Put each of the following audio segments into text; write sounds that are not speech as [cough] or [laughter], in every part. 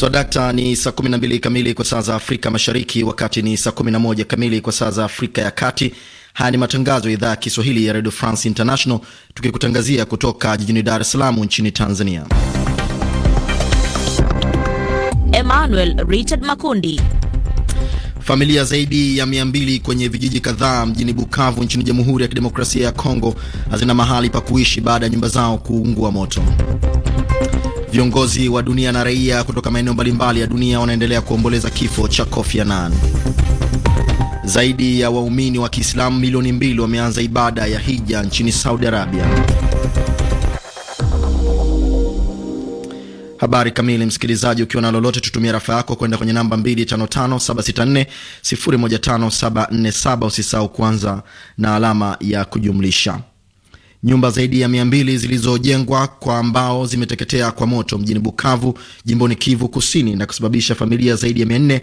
So, dakta ni saa 12 kamili kwa saa za Afrika Mashariki, wakati ni saa 11 kamili kwa saa za Afrika ya Kati. Haya ni matangazo ya idhaa ya Kiswahili ya Radio France International, tukikutangazia kutoka jijini Dar es Salaam nchini Tanzania. Emmanuel Richard Makundi. Familia zaidi ya mia mbili kwenye vijiji kadhaa mjini Bukavu nchini Jamhuri ya Kidemokrasia ya Kongo hazina mahali pa kuishi baada ya nyumba zao kuungua moto. Viongozi wa dunia na raia kutoka maeneo mbalimbali ya dunia wanaendelea kuomboleza kifo cha Kofi Annan. Zaidi ya waumini wa Kiislamu milioni mbili wameanza ibada ya hija nchini Saudi Arabia. Habari kamili, msikilizaji, ukiwa na lolote, tutumia rafa yako kwenda kwenye namba 255764015747. Usisahau kuanza na alama ya kujumlisha. Nyumba zaidi ya mia mbili zilizojengwa kwa mbao zimeteketea kwa moto mjini Bukavu, jimboni Kivu Kusini, na kusababisha familia zaidi ya mia nne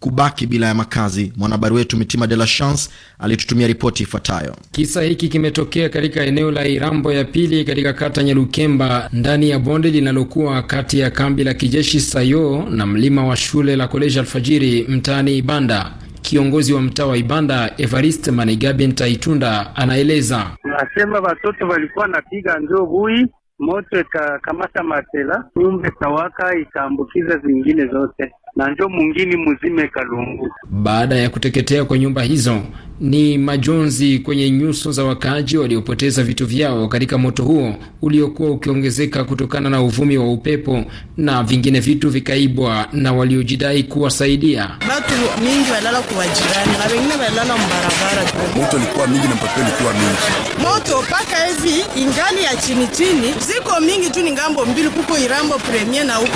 kubaki bila ya makazi. Mwanahabari wetu Mitima De La Chance alitutumia ripoti ifuatayo. Kisa hiki kimetokea katika eneo la Irambo ya pili katika kata Nyalukemba, ndani ya bonde linalokuwa kati ya kambi la kijeshi Sayo na mlima wa shule la Koleji Alfajiri mtaani Ibanda. Kiongozi wa mtaa wa Ibanda Evariste Manigabe Ntaitunda anaeleza, nasema watoto walikuwa napiga njoo bui moto ikakamata matela, nyumba ikawaka, ikaambukiza zingine zote na njo mungini muzime Kalungu. Baada ya kuteketea kwa nyumba hizo, ni majonzi kwenye nyuso za wakaaji waliopoteza vitu vyao katika moto huo uliokuwa ukiongezeka kutokana na uvumi wa upepo na vingine vitu vikaibwa na waliojidai kuwasaidia. Watu mingi walala kwa jirani na wengine walala mbarabara. Moto ulikuwa mingi na mpaka ulikuwa mingi. Moto paka hivi ingali ya chini chini. Ziko mingi tu ni ngambo mbili kuko Irambo Premier na huko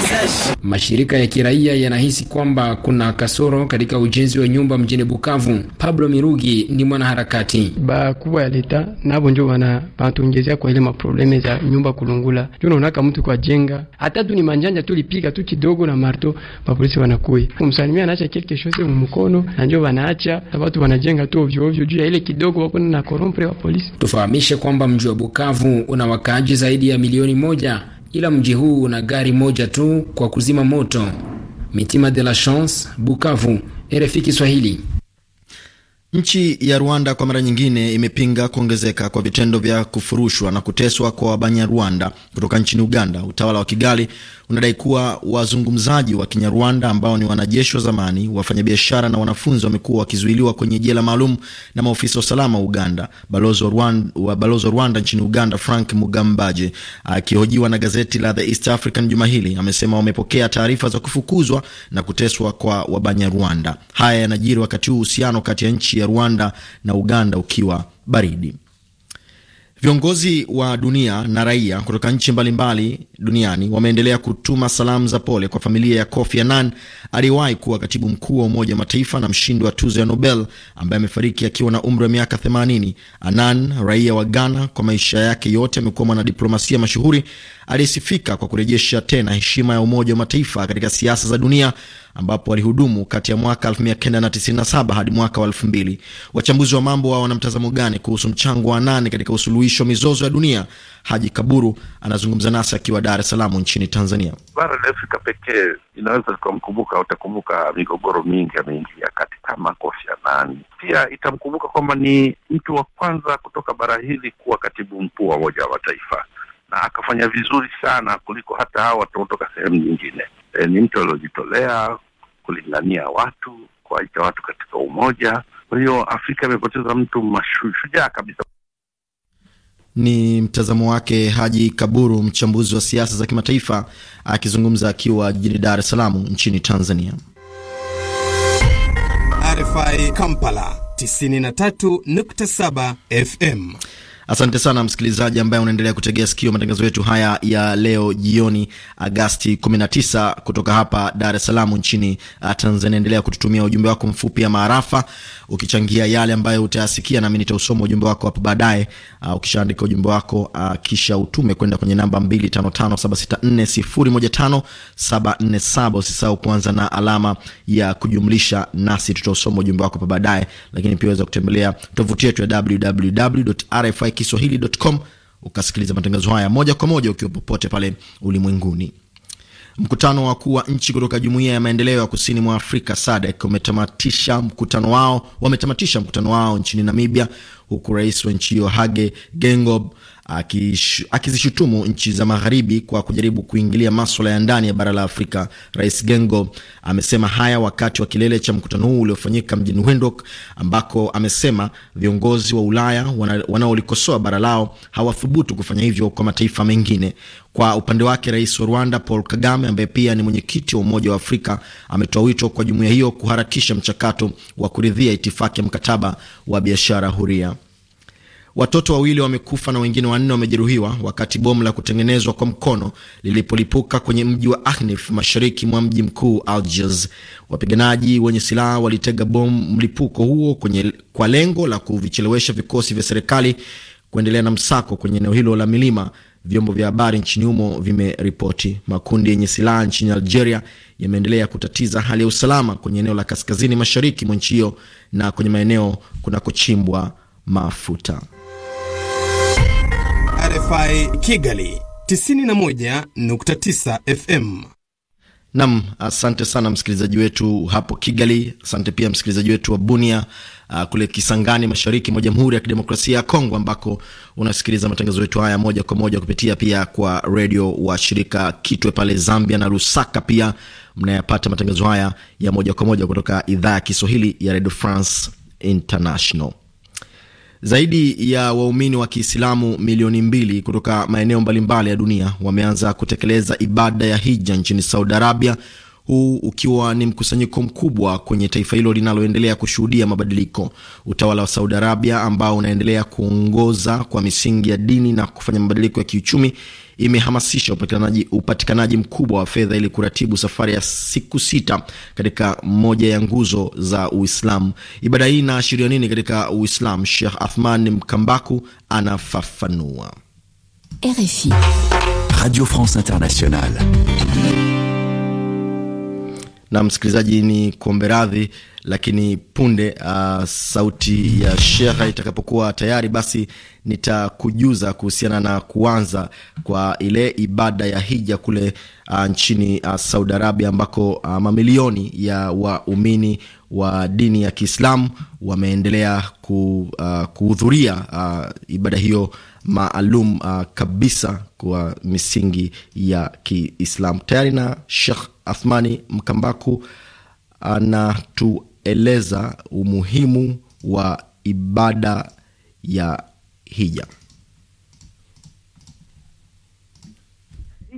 Pezaji. Mashirika ya kirai raia yanahisi kwamba kuna kasoro katika ujenzi wa nyumba mjini Bukavu. Pablo Mirugi ni mwanaharakati bakubwa ya leta nabo njo wana batungezea kwa ile maprobleme za nyumba kulungula, njo naonaka mtu kwa jenga hata tu ni manjanja tu lipiga tu kidogo na marto, mapolisi wanakuya kumsalimia, anaacha kelke shose mumukono na njo wanaacha sabatu wanajenga tu ovyo ovyo juu ya ile kidogo wakuna na korompre wa polisi. Tufahamishe kwamba mji wa Bukavu una wakaaji zaidi ya milioni moja ila mji huu una gari moja tu kwa kuzima moto. Mitima de la Chance, Bukavu, RFI Kiswahili. Nchi ya Rwanda kwa mara nyingine imepinga kuongezeka kwa vitendo vya kufurushwa na kuteswa kwa Wabanyarwanda kutoka nchini Uganda. Utawala wa Kigali unadai kuwa wazungumzaji wa Kinyarwanda ambao ni wanajeshi wa zamani, wafanyabiashara na wanafunzi wamekuwa wakizuiliwa kwenye jela maalum na maofisa wa usalama wa Uganda. Balozi wa Rwanda, balozi wa Rwanda nchini Uganda Frank Mugambaje akihojiwa na gazeti la The East African juma hili amesema wamepokea taarifa za kufukuzwa na kuteswa kwa Wabanyarwanda. Haya yanajiri wakati huu uhusiano kati ya nchi ya Rwanda na Uganda ukiwa baridi. Viongozi wa dunia na raia kutoka nchi mbalimbali duniani wameendelea kutuma salamu za pole kwa familia ya Kofi Annan aliyewahi kuwa katibu mkuu wa Umoja wa Mataifa na mshindi wa tuzo ya Nobel ambaye amefariki akiwa na umri wa miaka 80. Annan, raia wa Ghana, kwa maisha yake yote amekuwa mwanadiplomasia mashuhuri aliyesifika kwa kurejesha tena heshima ya Umoja wa Mataifa katika siasa za dunia ambapo alihudumu kati ya mwaka 1997 hadi mwaka wa 2000. Wachambuzi wa mambo wao wana mtazamo gani kuhusu mchango wa nane katika usuluhisho wa mizozo ya dunia? Haji Kaburu anazungumza nasi akiwa Dar es Salaam nchini Tanzania. Bara la Afrika pekee inaweza ikamkumbuka, utakumbuka migogoro mingi ameingia kati kama kofi ya nani. Pia itamkumbuka kwamba ni mtu wa kwanza kutoka bara hili kuwa katibu mkuu wa Umoja wa Mataifa na akafanya vizuri sana kuliko hata hao watu kutoka sehemu nyingine e, ni mtu aliojitolea kulingania watu, kuwaita watu katika umoja. Kwa hiyo Afrika imepoteza mtu mashujaa kabisa. Ni mtazamo wake Haji Kaburu, mchambuzi wa siasa za kimataifa, akizungumza akiwa jijini Dar es Salaam nchini Tanzania. RFI Kampala 93.7 FM. Asante sana msikilizaji ambaye unaendelea kutegea sikio matangazo yetu haya ya leo jioni, Agasti 19 kutoka hapa Dar es Salaam nchini uh, Tanzania. Endelea kututumia ujumbe wako mfupi ya maarafa ukichangia yale ambayo utayasikia, nami nitausoma ujumbe wako hapo baadaye. Uh, ukishaandika ujumbe wako uh, kisha utume kwenda kwenye namba 255764015747. Usisahau kuanza na alama ya kujumlisha, nasi tutausoma ujumbe wako hapo baadaye, lakini pia unaweza kutembelea tovuti yetu ya www.rfi kiswahili.com ukasikiliza matangazo haya moja kwa moja ukiwa popote pale ulimwenguni. Mkutano wa wakuu wa nchi kutoka Jumuiya ya Maendeleo ya Kusini mwa Afrika SADC umetamatisha mkutano wao wametamatisha mkutano wao nchini Namibia, huku rais wa nchi hiyo Hage Geingob akizishutumu nchi za magharibi kwa kujaribu kuingilia maswala ya ndani ya bara la Afrika. Rais Gengo amesema haya wakati wa kilele cha mkutano huu uliofanyika mjini Windhoek, ambako amesema viongozi wa Ulaya wanaolikosoa bara lao hawathubutu kufanya hivyo kwa mataifa mengine. Kwa upande wake, rais wa Rwanda Paul Kagame ambaye pia ni mwenyekiti wa Umoja wa Afrika ametoa wito kwa jumuiya hiyo kuharakisha mchakato wa kuridhia itifaki ya mkataba wa biashara huria. Watoto wawili wamekufa na wengine wanne wamejeruhiwa wakati bomu la kutengenezwa kwa mkono lilipolipuka kwenye mji wa Ahnif mashariki mwa mji mkuu Algiers. Wapiganaji wenye silaha walitega bomu mlipuko huo kwenye, kwa lengo la kuvichelewesha vikosi vya serikali kuendelea na msako kwenye eneo hilo la milima, vyombo vya habari nchini humo vimeripoti. Makundi yenye silaha nchini Algeria yameendelea kutatiza hali ya usalama kwenye eneo la kaskazini mashariki mwa nchi hiyo na kwenye maeneo kunakochimbwa mafuta. RFI Kigali 91.9 FM. Nam, asante sana msikilizaji wetu hapo Kigali. Asante pia msikilizaji wetu wa Bunia uh, kule Kisangani, mashariki mwa Jamhuri ya Kidemokrasia ya Kongo, ambako unasikiliza matangazo yetu haya moja kwa moja kupitia pia kwa redio wa shirika Kitwe pale Zambia na Lusaka. Pia mnayapata matangazo haya ya moja kwa moja kutoka idhaa ya Kiswahili ya Radio France International. Zaidi ya waumini wa Kiislamu milioni mbili kutoka maeneo mbalimbali ya dunia wameanza kutekeleza ibada ya hija nchini Saudi Arabia huu ukiwa ni mkusanyiko mkubwa kwenye taifa hilo linaloendelea kushuhudia mabadiliko. Utawala wa Saudi Arabia ambao unaendelea kuongoza kwa misingi ya dini na kufanya mabadiliko ya kiuchumi, imehamasisha upatikanaji, upatikanaji mkubwa wa fedha ili kuratibu safari ya siku sita katika moja ya nguzo za Uislamu. Ibada hii inaashiria nini katika Uislamu? Sheikh Athman Mkambaku anafafanua. RFI Radio France Internationale na msikilizaji ni kuombe radhi, lakini punde uh, sauti ya shekha itakapokuwa tayari, basi nitakujuza kuhusiana na kuanza kwa ile ibada ya hija kule uh, nchini uh, Saudi Arabia ambako uh, mamilioni ya waumini wa dini ya Kiislamu wameendelea ku, uh, kuhudhuria uh, ibada hiyo maalum uh, kabisa kwa misingi ya Kiislamu. Tayari na shekh Athmani Mkambaku anatueleza umuhimu wa ibada ya hija.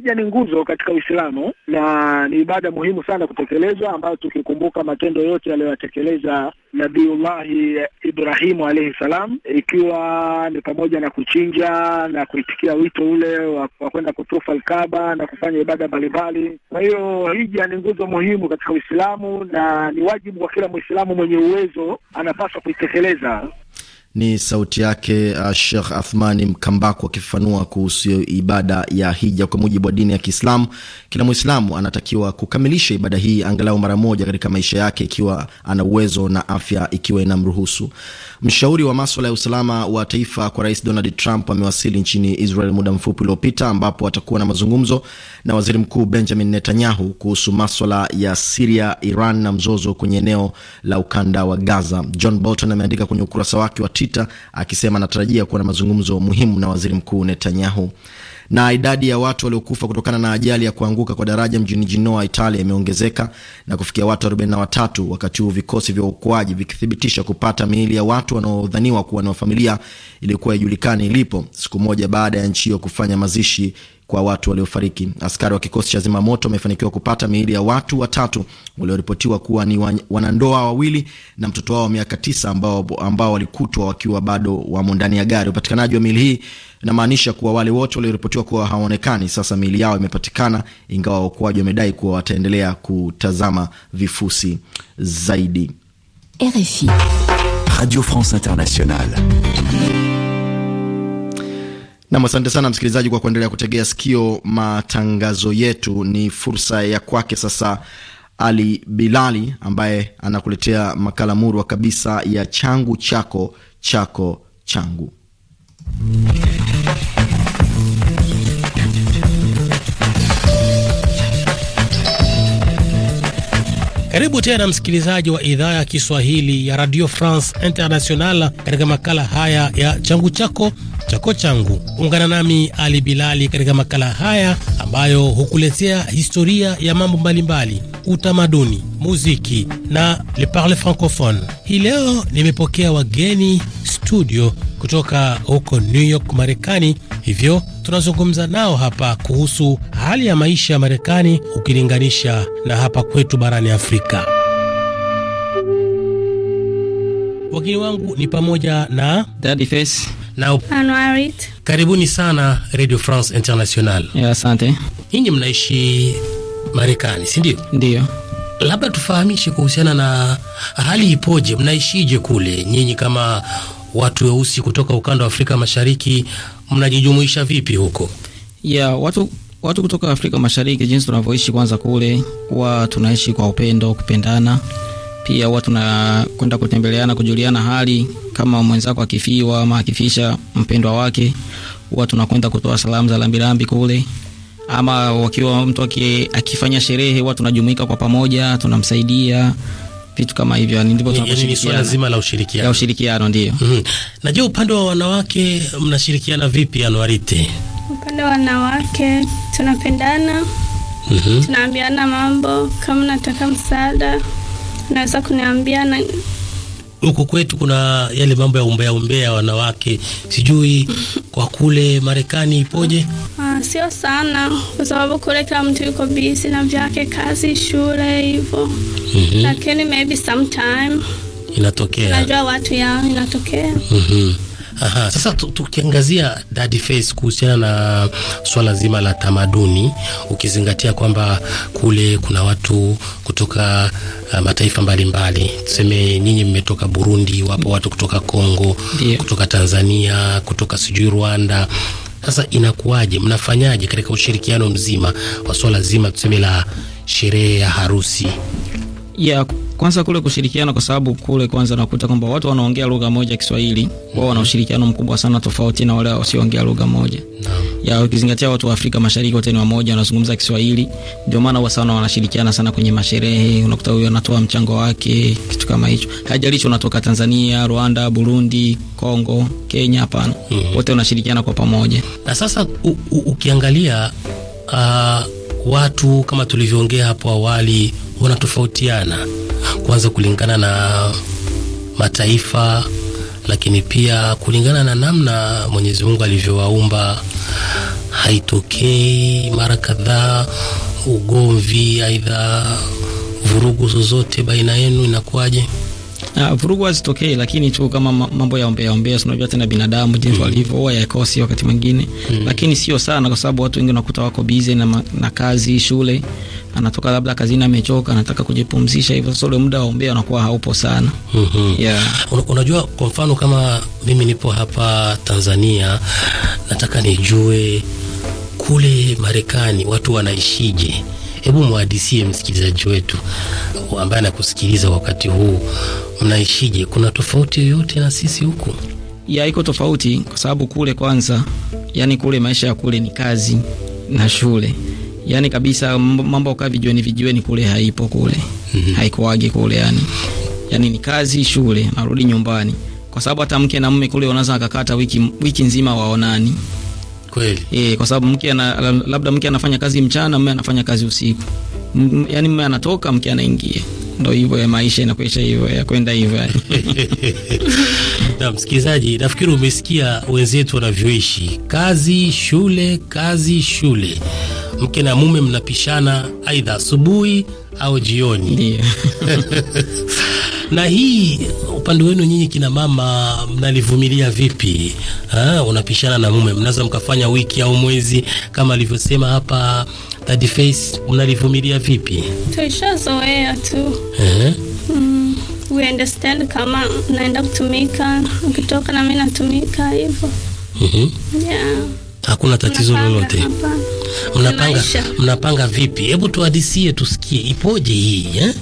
hija ni nguzo katika Uislamu na ni ibada muhimu sana kutekelezwa, ambayo tukikumbuka matendo yote aliyoyatekeleza Nabiullahi Ibrahimu alaihi salam, ikiwa ni pamoja na kuchinja na kuitikia wito ule wa kwenda kutufa Alkaba na kufanya ibada mbalimbali. Kwa hiyo hija ni nguzo muhimu katika Uislamu na ni wajibu kwa kila Mwislamu mwenye uwezo anapaswa kuitekeleza. Ni sauti yake uh, Shekh Athmani Mkambako akifafanua kuhusu ibada ya hija. Kwa mujibu wa dini ya Kiislamu, kila Mwislamu anatakiwa kukamilisha ibada hii angalau mara moja katika maisha yake, ikiwa ana uwezo na afya ikiwa inamruhusu. Mshauri wa maswala ya usalama wa taifa kwa Rais Donald Trump amewasili nchini Israel muda mfupi uliopita, ambapo atakuwa na mazungumzo na waziri mkuu Benjamin Netanyahu kuhusu maswala ya Siria, Iran na mzozo kwenye eneo la ukanda wa Gaza. John Bolton ameandika kwenye ukurasa wake wa uliopita, akisema anatarajia kuwa na mazungumzo muhimu na waziri mkuu Netanyahu. Na idadi ya watu waliokufa kutokana na ajali ya kuanguka kwa daraja mjini Jinoa, Italia, imeongezeka na kufikia watu 43, wakati huu vikosi vya uokoaji vikithibitisha kupata miili ya watu wanaodhaniwa kuwa ni wa familia iliyokuwa ijulikani ilipo, siku moja baada ya nchi hiyo kufanya mazishi kwa watu waliofariki. Askari wa kikosi cha zimamoto wamefanikiwa kupata miili ya watu watatu walioripotiwa kuwa ni wanandoa wawili na mtoto wao wa miaka tisa ambao, ambao walikutwa wakiwa bado wamo ndani ya gari. Upatikanaji wa miili hii inamaanisha kuwa wale wote walioripotiwa kuwa hawaonekani sasa miili yao imepatikana, ingawa waokoaji wamedai kuwa wataendelea kutazama vifusi zaidi. RFI Radio France Internationale. Nam, asante sana msikilizaji kwa kuendelea kutegea sikio matangazo yetu. Ni fursa ya kwake sasa Ali Bilali ambaye anakuletea makala murwa kabisa ya changu chako chako changu Karibu tena msikilizaji wa idhaa ya Kiswahili ya Radio France International katika makala haya ya changu chako chako changu. Ungana nami Ali Bilali katika makala haya ambayo hukuletea historia ya mambo mbalimbali, utamaduni, muziki na le parle francophone. Hii leo nimepokea wageni studio kutoka huko New York Marekani, hivyo tunazungumza nao hapa kuhusu hali ya maisha ya Marekani ukilinganisha na hapa kwetu barani Afrika. Wageni wangu ni pamoja na Daddy Face na Karibuni sana Radio France International. Asante. Nyinyi mnaishi Marekani, si ndio? Ndio. Labda tufahamishe kuhusiana na hali ipoje, mnaishije kule nyinyi kama watu weusi kutoka ukanda wa Afrika Mashariki mnajijumuisha vipi huko? Yeah, watu watu kutoka Afrika Mashariki jinsi tunavyoishi kwanza kule, huwa tunaishi kwa upendo, kupendana. Pia huwa tunakwenda kutembeleana, kujuliana hali. Kama mwenzako akifiwa ama akifisha mpendwa wake, huwa tunakwenda kutoa salamu za lambilambi kule, ama wakiwa mtu akifanya sherehe, huwa tunajumuika kwa pamoja, tunamsaidia vitu kama hivyo, yani ndipo tunaposhirikiana. Ni swala zima la ushirikiano, la ushirikiano ndio. mm -hmm. Na je, upande wa wanawake mnashirikiana vipi, Anwarite? Upande wa wanawake tunapendana, mm -hmm. tunaambiana mambo, kama nataka msaada naweza kuniambia na huko kwetu kuna yale mambo ya umbea umbea wanawake, sijui kwa kule Marekani ipoje? [laughs] sio sana, kwa sababu kule kila mtu yuko busy na vyake, kazi, shule, hivyo mm -hmm. Lakini maybe sometime inatokea, najua watu yao inatokea mm -hmm. Aha, sasa tukiangazia Daddy Face kuhusiana na swala zima la tamaduni, ukizingatia kwamba kule kuna watu kutoka uh, mataifa mbalimbali, tuseme nyinyi mmetoka Burundi, wapo watu kutoka Kongo, yeah, kutoka Tanzania, kutoka sijui Rwanda sasa inakuwaje, mnafanyaje katika ushirikiano mzima wa swala zima tuseme la sherehe ya harusi ya kwanza kule kushirikiana, kwa sababu kule kwanza nakuta kwamba watu wanaongea lugha moja Kiswahili, wao wana ushirikiano mkubwa sana, tofauti na wale wasioongea lugha moja ya ukizingatia watu wa Afrika Mashariki wote ni wamoja, wanazungumza Kiswahili, ndio maana huwa sana wanashirikiana sana kwenye masherehe. Unakuta huyo anatoa mchango wake, kitu kama hicho, haijalishi unatoka Tanzania, Rwanda, Burundi, Kongo, Kenya, hapana, mm. wote wanashirikiana kwa pamoja. Na sasa u, u, ukiangalia uh watu kama tulivyoongea hapo awali wanatofautiana, kwanza kulingana na mataifa, lakini pia kulingana na namna Mwenyezi Mungu alivyowaumba. Haitokei mara kadhaa ugomvi, aidha vurugu zozote baina yenu, inakuwaje? Ah, vurugu hazitokei, lakini tu kama mambo ya ombea ombea, unajua tena binadamu jinsi mm. walivyo huwa yakosi wakati mwingine mm. lakini sio sana, kwa sababu watu wengi nakuta wako busy na, na kazi, shule, anatoka labda kazini amechoka, anataka kujipumzisha hivyo. Sasa ule muda wa ombea unakuwa haupo sana mm -hmm. yeah. Unajua, kwa mfano kama mimi nipo hapa Tanzania, nataka nijue kule Marekani watu wanaishije? Hebu mwadisie msikilizaji wetu ambaye anakusikiliza wakati huu, mnaishije? Kuna tofauti yoyote na sisi huku? Ya, iko tofauti kwa sababu kule kwanza, yani kule maisha ya kule ni kazi na shule, yani kabisa mambo kaa vijweni vijweni kule haipo kule mm -hmm. haikuwagi kule yani, yani ni kazi, shule, narudi nyumbani, kwa sababu hata mke na mume kule wanaweza akakata wiki, wiki nzima waonani Kweli. E, kwa sababu mke ana, labda mke anafanya kazi mchana, mume anafanya kazi usiku. M, yani mume anatoka, mke anaingia. Ndio hivyo ya maisha inakuisha hivyo ya kwenda hivyo. [laughs] Na msikilizaji, nafikiri umesikia wenzetu wanavyoishi. Kazi, shule, kazi, shule. Mke na mume mnapishana aidha asubuhi au jioni. Ndio. [laughs] Na hii upande wenu nyinyi kina mama mnalivumilia vipi? Ha, unapishana na mume, mnaweza mkafanya wiki au mwezi kama alivyosema hapa Daddy Face, mnalivumilia vipi? Tuishazoea tu. Eh. Mm, we understand kama naenda kutumika, ukitoka na mimi natumika hivyo. Mhm. Yeah. Hakuna tatizo lolote. Mnapanga mnapanga vipi? Hebu tuhadisie tusikie ipoje hii eh?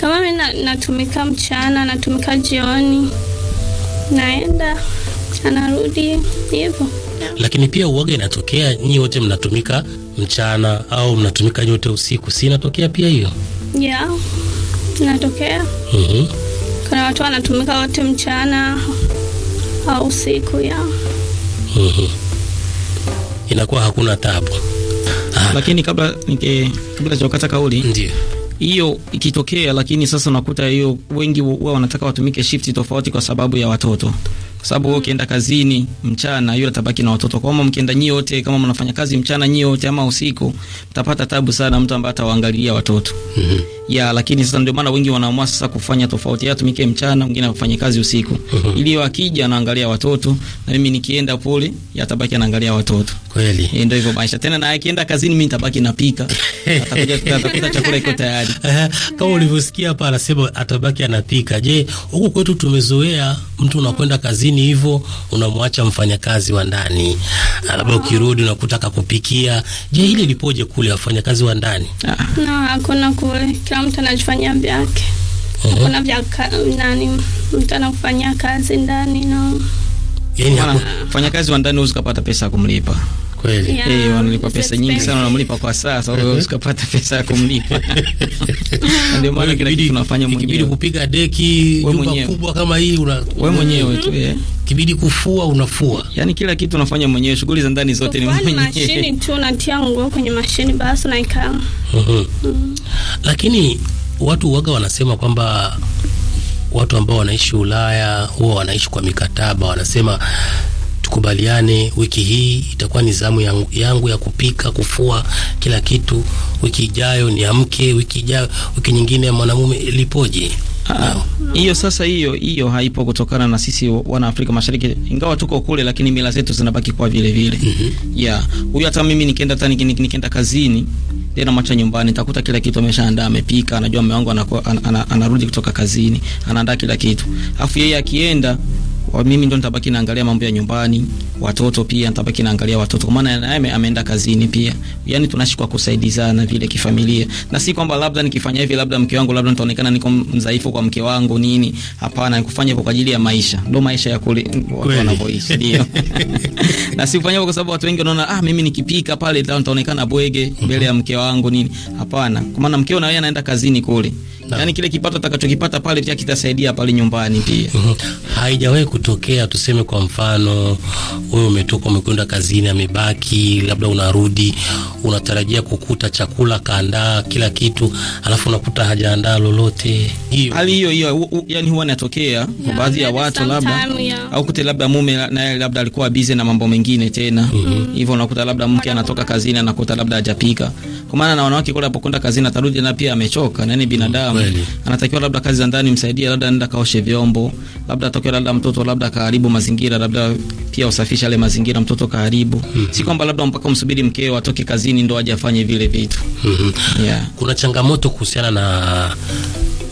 Kama mi natumika mchana, natumika jioni, naenda anarudi hivyo. Lakini pia uoga inatokea, nyinyi wote mnatumika mchana au mnatumika nyote usiku, si inatokea pia hiyo? Yeah, inatokea. mm -hmm. Kuna watu wanatumika wote mchana au usiku ya. mm -hmm. Inakuwa hakuna tabu. Ah. Lakini kabla nike kabla sijakata kauli, ndio hiyo ikitokea, lakini sasa unakuta hiyo wengi huwa wanataka watumike shift tofauti kwa sababu ya watoto, kwa sababu wewe ukienda mm. kazini mchana, yule atabaki na watoto. Kwa maana mkienda nyie wote, kama mnafanya kazi mchana nyie wote ama usiku, mtapata tabu sana mtu ambaye atawaangalia watoto. Mm-hmm ya lakini sasa ndio maana wengi wanaamua sasa kufanya tofauti, yao, tumike mchana, wengine wafanye kazi usiku, mhm. ili akija anaangalia watoto na mimi nikienda pole, yatabaki anaangalia watoto. Kweli e, ndio hivyo maisha tena. Na akienda kazini, mimi nitabaki napika, [laughs] atakuja tutakuta chakula iko tayari [laughs] eh, kama ulivyosikia hapa, anasema atabaki anapika. Je, huko kwetu tumezoea mtu unakwenda kazini hivyo, unamwacha mfanyakazi wa ndani, ah, labda ukirudi unakuta akakupikia. Je, hili lipoje kule wafanyakazi wa ndani? Ah, no, hakuna kule kila mtu anajifanyia vyake mm Hakuna vya nani mtu anakufanyia kazi ndani na no. Yaani, kazi wa ndani uzikapata pesa kumlipa Kweli yeah, hey, wanalipa pesa nyingi sana, wanamlipa kwa saa. Sasa wewe usikapata pesa ya kumlipa, [laughs] ndio maana kila kitu tunafanya mwenyewe. Ikibidi kupiga deki nyumba kubwa kama hii, una wewe mwenyewe tu mm-hmm. eh, kibidi kufua unafua, yani kila kitu unafanya mwenyewe, shughuli za ndani zote ni mwenyewe. Mashini tu natia nguo kwenye mashini basi na ikaa. Mm-hmm. Mm-hmm. Lakini watu waga wanasema kwamba watu ambao wanaishi Ulaya huwa wanaishi kwa mikataba, wanasema tukubaliane, wiki hii itakuwa ni zamu yangu, yangu ya kupika, kufua, kila kitu. Wiki ijayo ni amke, wiki ijayo, wiki nyingine ya mwanamume, lipoje? Ah, ah. Hiyo sasa, hiyo hiyo haipo kutokana na sisi wana Afrika Mashariki, ingawa tuko kule, lakini mila zetu zinabaki kwa vile vile. mm -hmm. Yeah, huyu hata mimi nikienda tani nikienda kazini tena macha nyumbani, nitakuta kila kitu ameshaandaa, amepika, anajua mume wangu anarudi kutoka kazini, anaandaa kila kitu, afu yeye akienda wa mimi ndo nitabaki naangalia mambo ya nyumbani, watoto pia nitabaki naangalia watoto, kwa maana naye ameenda kazini pia. Yani tunashikwa kusaidizana vile kifamilia, na si kwamba labda nikifanya hivi labda mke wangu labda nitaonekana niko mdhaifu kwa mke wangu nini. Hapana, nikufanya hivyo kwa ajili ya maisha, ndo maisha ya kule watu wanavyoishi, ndio [laughs] na si kufanya kwa sababu watu wengi wanaona ah, mimi nikipika pale nitaonekana bwege mbele ya mke wangu nini. Hapana, kwa maana mkeo na yeye anaenda kazini kule na. Yani kile kipato atakachokipata pale pia kitasaidia pale nyumbani pia. Mhm. Haijawahi kutokea, tuseme kwa mfano wewe umetoka umekwenda kazini, amebaki labda, unarudi unatarajia kukuta chakula kaandaa kila kitu, alafu unakuta hajaandaa lolote. Hiyo hali hiyo hiyo, yani huwa inatokea kwa baadhi ya watu labda, yeah. au kute labda mume naye labda alikuwa busy na mambo mengine tena mm hivyo. -hmm. Unakuta labda mke anatoka kazini anakuta labda hajapika, kwa maana na wanawake kule apokwenda kazini atarudi na pia amechoka, na ni binadamu kweli, anatakiwa labda kazi za ndani msaidie, labda nenda kaoshe vyombo, labda atakiwa labda mtoto labda kaharibu mazingira, labda pia usafisha yale mazingira mtoto kaharibu. mm -hmm. Si kwamba labda mpaka msubiri mkeo atoke kazini ndo aje afanye vile vitu. mm -hmm. yeah. Kuna changamoto kuhusiana na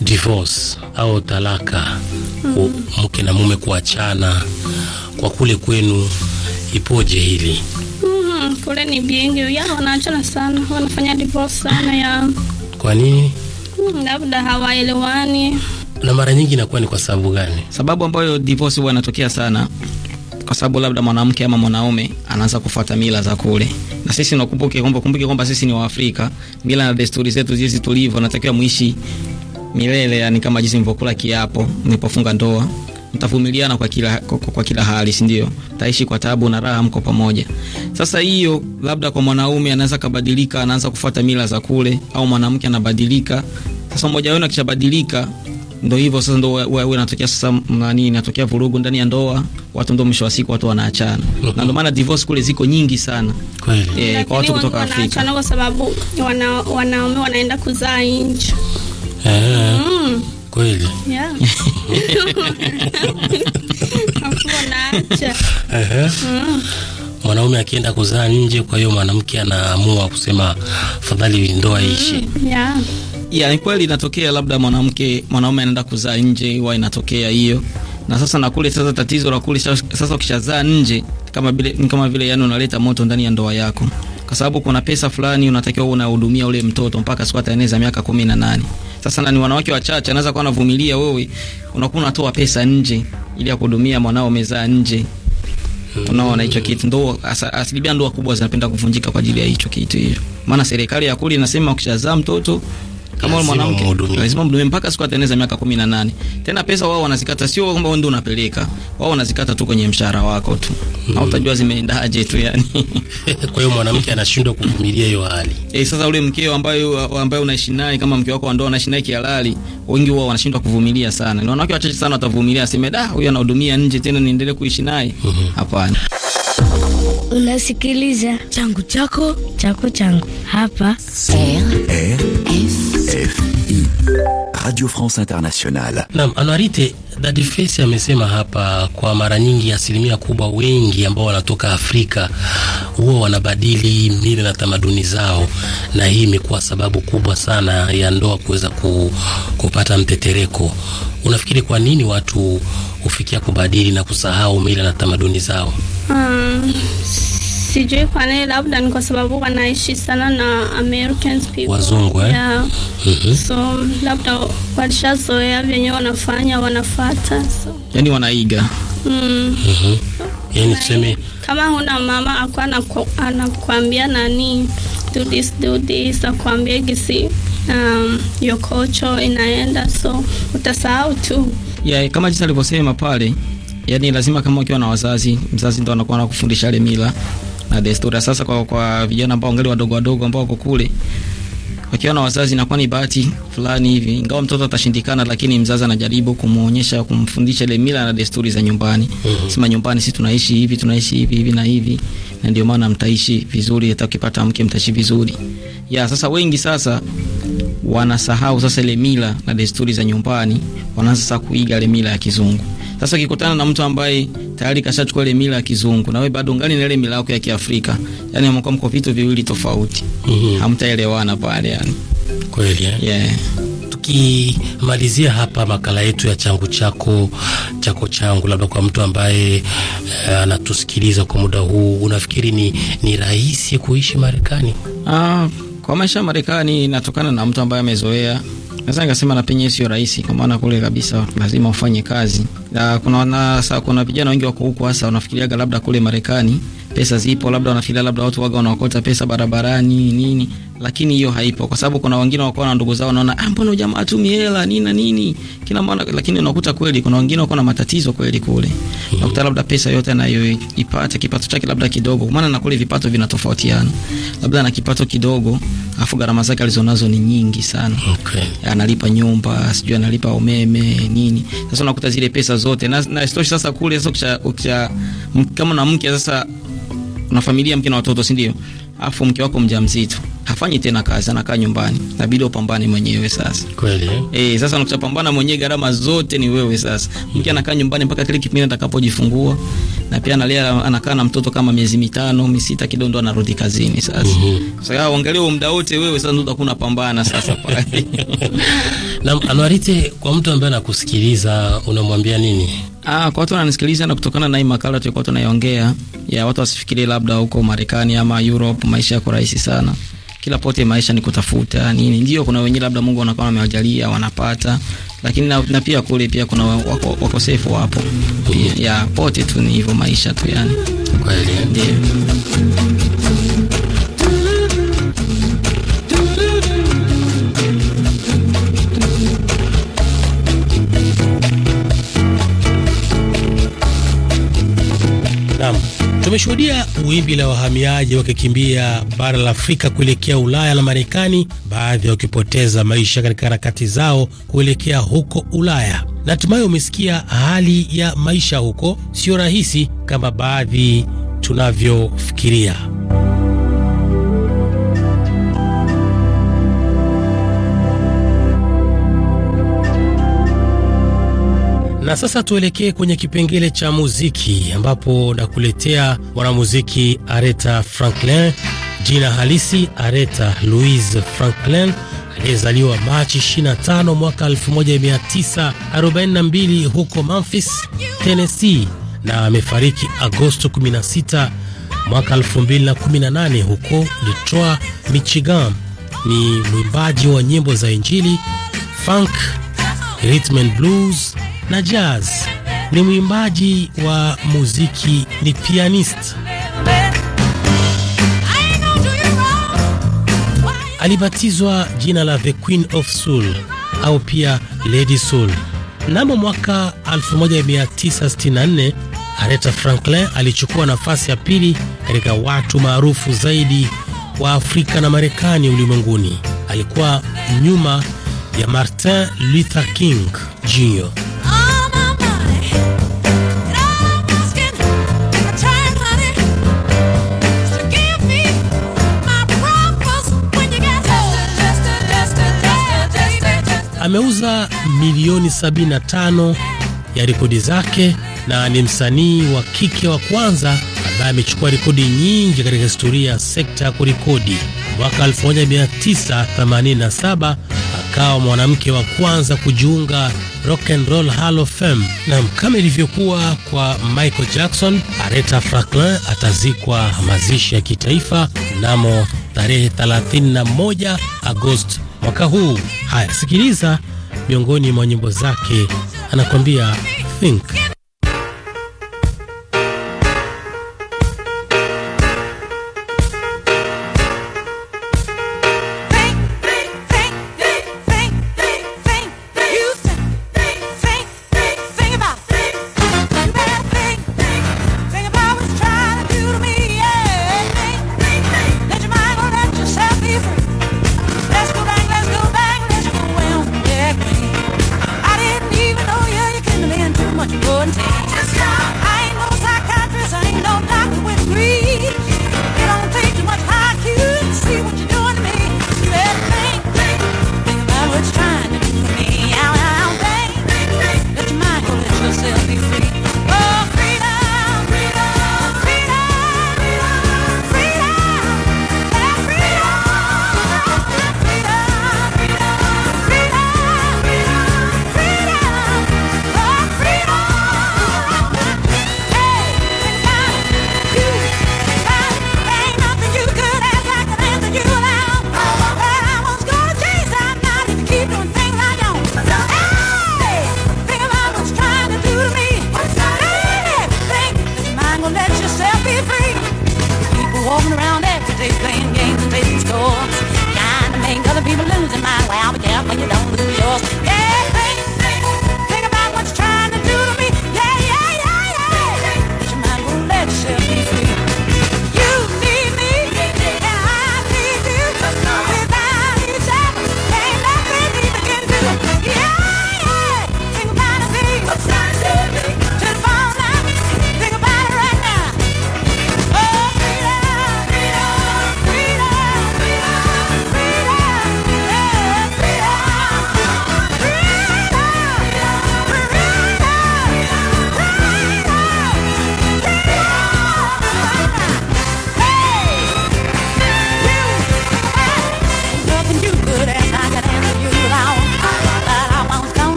divorce au talaka, mm. mke na mume kuachana kwa kule kwenu ipoje hili? Mhm, kule ni bingi yao wanaachana sana, wanafanya divorce sana ya. Kwa nini? Hmm, labda hawaelewani. Na mara nyingi inakuwa ni kwa sababu gani? Sababu ambayo divorce huwa inatokea sana kwa sababu labda mwanamke ama mwanaume anaanza kufuata mila za kule, na sisi nakumbuke kwamba kumbuke kwamba sisi ni Waafrika, mila na desturi zetu zizi tulivyo, natakiwa muishi milele, yani kama jinsi mlivyokula kiapo mlipofunga ndoa mtavumiliana kwa kila, kwa, kwa kila hali, si ndio? Taishi kwa taabu na raha, mko pamoja. Sasa hiyo labda kwa mwanaume anaweza kabadilika, anaanza kufuata mila za kule, au mwanamke anabadilika. Sasa mmoja wenu akishabadilika ndo hivyo sasa, ndo wewe natokea sasa nani, inatokea vurugu ndani ya ndoa, watu ndo mwisho wa siku watu wanaachana. Na ndo maana divorce kule ziko nyingi sana kweli, eh, kwa watu kutoka Afrika kwa sababu wanaume wanaenda kuzaa nje eh. mm kweli [laughs] mm. Mwanaume akienda kuzaa nje, kwa hiyo mwanamke anaamua kusema fadhali ndoa ishi mm. yeah. Yeah, ni kweli inatokea, labda mwanamke mwanaume anaenda kuzaa nje, huwa inatokea hiyo. Na sasa na kule sasa, tatizo la kule sasa, ukishazaa nje kama vile kama vile, yani unaleta moto ndani ya ndoa yako kwa sababu kuna pesa fulani unatakiwa unahudumia ule mtoto mpaka siku ataeneza miaka kumi na nane. Sasa na ni wanawake wachache, anaweza kuwa anavumilia, wewe unakuwa unatoa pesa nje ili akuhudumia mwanao mezaa nje. Unaona hicho kitu ndo asilimia ndoa kubwa zinapenda kuvunjika kwa ajili ya hicho kitu hicho, maana serikali ya kuli inasema ukishazaa mtoto kama mwanamke lazima mdume mpaka siku ateneza miaka 18. Tena pesa wao wanazikata, sio kwamba wewe ndio unapeleka, wao wanazikata tu kwenye mshahara wako tu mm. au utajua zimeendaje tu yani. [laughs] Kwa hiyo mwanamke anashindwa kuvumilia hiyo hali eh. Sasa ule mkeo ambaye ambaye unaishi naye, kama mke wako wa ndoa unaishi naye kihalali, wengi wao wanashindwa kuvumilia sana. Ni wanawake wachache sana watavumilia, aseme da, huyu anahudumia nje, tena niendelee kuishi naye? Mm-hmm. Hapana. Unasikiliza changu chako chako changu hapa RFI RFI Radio France Internationale. Naam, Anwarite Dadifesi amesema hapa, kwa mara nyingi asilimia kubwa wengi ambao wanatoka Afrika huwa wanabadili mila na tamaduni zao, na hii imekuwa sababu kubwa sana ya ndoa kuweza ku, kupata mtetereko. Unafikiri kwa nini watu hufikia kubadili na kusahau mila na tamaduni zao? mm sijui kwa nini, labda ni kwa sababu wanaishi sana na Americans people wazungu eh? yeah. mm -hmm. So labda walishazoea vyenye wanafanya wanafata, so yani wanaiga mm. mm -hmm. yani tuseme kama huna mama akwa anakuambia nani do this do this, akwambia gisi um, your culture inaenda, so utasahau tu yeah, kama jinsi alivyosema pale, yani lazima kama ukiwa na wazazi, mzazi ndo anakuwa anakufundisha ile mila na desturi. Sasa kwa, kwa vijana ambao wangali wadogo wadogo ambao wako kule wakiwa na wazazi, inakuwa ni bahati fulani hivi, ingawa mtoto atashindikana, lakini mzazi anajaribu kumuonyesha, kumfundisha ile mila na desturi za nyumbani. mm -hmm. Sema nyumbani sisi tunaishi hivi, tunaishi hivi hivi na hivi, na ndio maana mtaishi vizuri, hata ukipata mke mtaishi vizuri ya. Sasa wengi sasa wanasahau sasa ile mila na desturi za nyumbani, wanaanza sasa kuiga ile mila ya kizungu. Sasa kikutana na mtu ambaye tayari kashachukua ile mila ya kizungu na wewe bado ungali na ile mila yako ya Kiafrika, yani amekuwa mko vitu viwili tofauti, mhm. hamtaelewana mm -hmm. pale yani kweli eh? yeah. Tukimalizia hapa makala yetu ya changu chako chako changu, labda kwa mtu ambaye eh, anatusikiliza uh, kwa muda huu, unafikiri ni, ni rahisi kuishi Marekani? Ah, kwa maisha Marekani inatokana na mtu ambaye amezoea Naweza nikasema na penye sio rahisi, kwa maana kule kabisa lazima ufanye kazi na kuna wana, kuna vijana wengi wako huko hasa wanafikiriaga labda kule Marekani pesa zipo, labda wanafikiria labda watu waga wanaokota pesa barabarani nini lakini hiyo haipo, kwa sababu kuna wengine wako na ndugu zao naona ah, mbona jamaa atumi hela nini na nini kila mwana, lakini unakuta kweli kuna wengine wako na matatizo kweli kule, unakuta labda pesa yote anayoipata kipato chake labda kidogo, kwa maana na kule vipato vinatofautiana, labda ana kipato kidogo afu gharama zake alizonazo ni nyingi sana. Okay. Analipa nyumba, sijui analipa umeme nini. Sasa unakuta zile pesa zote na, na istoshi sasa kule sasa ukisha, ukisha kama na mke sasa na familia mke na watoto, si ndio? Afu mke wako mjamzito hafanyi tena kazi, anakaa nyumbani, inabidi upambane mwenyewe sasa. Kweli eh, eh sasa unachopambana mwenyewe, gharama zote ni wewe sasa. Mke anakaa nyumbani mpaka kile kipindi atakapojifungua, na pia analia, anakaa na mtoto kama miezi mitano misita, kidondo anarudi kazini sasa. Mm Kwa sababu ah, angalia huo muda wote wewe sasa, ndio utakuwa unapambana sasa [laughs] pale. Na Anwarite, kwa mtu ambaye anakusikiliza unamwambia nini? Ah, kwa watu wananisikiliza na kutokana na hii makala tulikuwa tunaiongea ya watu wasifikirie labda huko Marekani ama Europe maisha yako rahisi sana kila pote maisha ni kutafuta nini. Ndio kuna wengine labda Mungu anakuwa amewajalia wanapata, lakini na, na pia kule pia kuna wakosefu wako wapo. Mm. Ya pote tu ni hivyo maisha tu yani. Kweli. Ndio. Tumeshuhudia wimbi la wahamiaji wakikimbia bara la Afrika kuelekea Ulaya na Marekani, baadhi wakipoteza maisha katika harakati zao kuelekea huko Ulaya. Natumai umesikia hali ya maisha huko sio rahisi kama baadhi tunavyofikiria. Na sasa tuelekee kwenye kipengele cha muziki, ambapo nakuletea mwanamuziki Aretha Franklin, jina halisi Aretha Louise Franklin aliyezaliwa Machi 25 mwaka 1942 huko Memphis, Tennessee na amefariki Agosto 16 mwaka 2018 huko Detroit, Michigan. Ni mwimbaji wa nyimbo za Injili, funk, rhythm and blues na jazz. Ni mwimbaji wa muziki, ni pianist. Alibatizwa jina la The Queen of Soul au pia Lady Soul. Mnamo mwaka 1964 Aretha Franklin alichukua nafasi ya pili katika watu maarufu zaidi wa Afrika na Marekani ulimwenguni. Alikuwa nyuma ya Martin Luther King Jr. ameuza milioni 75 ya rekodi zake na ni msanii wa kike wa kwanza ambaye amechukua rekodi nyingi katika historia ya sekta ya kurekodi. Mwaka 1987 akawa mwanamke wa kwanza kujiunga Rock and Roll Hall of Fame. Na kama ilivyokuwa kwa Michael Jackson, Aretha Franklin atazikwa mazishi ya kitaifa mnamo tarehe 31 Agosti mwaka huu. Haya, sikiliza miongoni mwa nyimbo zake anakwambia think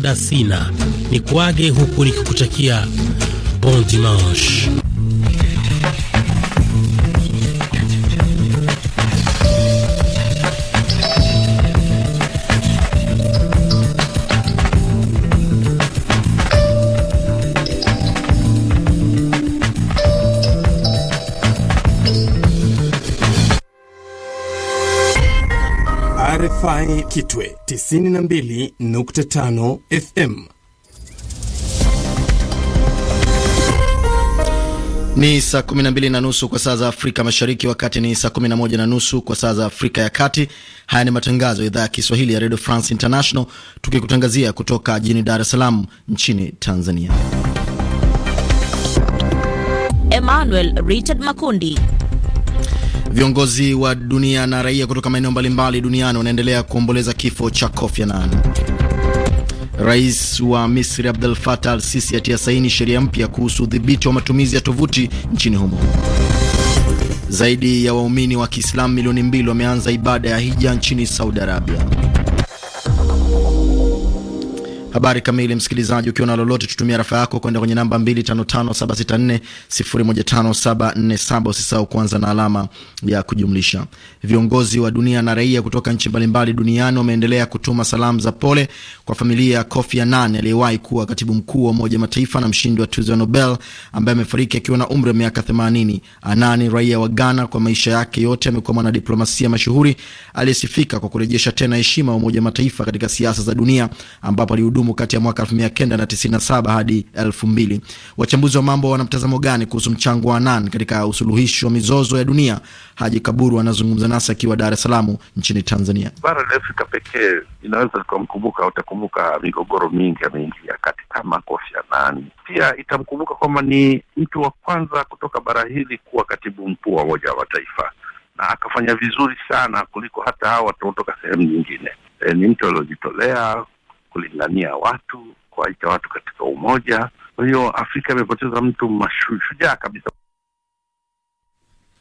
ziada sina, ni kuage huku nikikutakia bon dimanche. Kitwe 92.5 FM. Ni saa 12 na nusu kwa saa za Afrika Mashariki, wakati ni saa 11 na nusu kwa saa za Afrika ya Kati. Haya ni matangazo ya idhaa ya Kiswahili ya Radio France International, tukikutangazia kutoka jijini Dar es Salaam nchini Tanzania. Emmanuel Richard Makundi Viongozi wa dunia na raia kutoka maeneo mbalimbali duniani wanaendelea kuomboleza kifo cha Kofi Annan. Rais wa Misri Abdel Fattah al-Sisi atia saini sheria mpya kuhusu udhibiti wa matumizi ya tovuti nchini humo. Zaidi ya waumini wa Kiislamu milioni mbili wameanza ibada ya hija nchini Saudi Arabia. Habari kamili, msikilizaji, ukiwa na lolote, tutumia rafa yako kwenda kwenye namba 255764015747. Usisahau kuanza na alama ya kujumlisha. Viongozi wa dunia na raia kutoka nchi mbalimbali duniani wameendelea kutuma salamu za pole kwa familia ya Kofi Annan aliyewahi kuwa katibu mkuu wa Umoja Mataifa na mshindi wa tuzo ya Nobel ambaye amefariki akiwa na umri wa miaka 80. Annan, raia wa Ghana, kwa maisha yake yote amekuwa mwanadiplomasia mashuhuri aliyesifika kwa kurejesha tena heshima ya Umoja Mataifa katika siasa za dunia ambapo alihudumu kati ya mwaka 1997 hadi 2000. Wachambuzi wa mambo wana mtazamo gani kuhusu mchango wa Annan katika usuluhishi wa mizozo ya dunia? Haji Kaburu anazungumza Manase akiwa Dar es Salaam nchini Tanzania. Bara la Afrika pekee inaweza likamkumbuka, utakumbuka migogoro mingi ameingia kati kama Kofi Annan. Pia itamkumbuka kwamba ni mtu wa kwanza kutoka bara hili kuwa katibu mkuu wa Umoja wa Mataifa na akafanya vizuri sana kuliko hata hao watu kutoka sehemu nyingine. E, ni mtu aliojitolea kulingania watu, kuwaita watu katika umoja. Kwa hiyo Afrika imepoteza mtu mashujaa kabisa.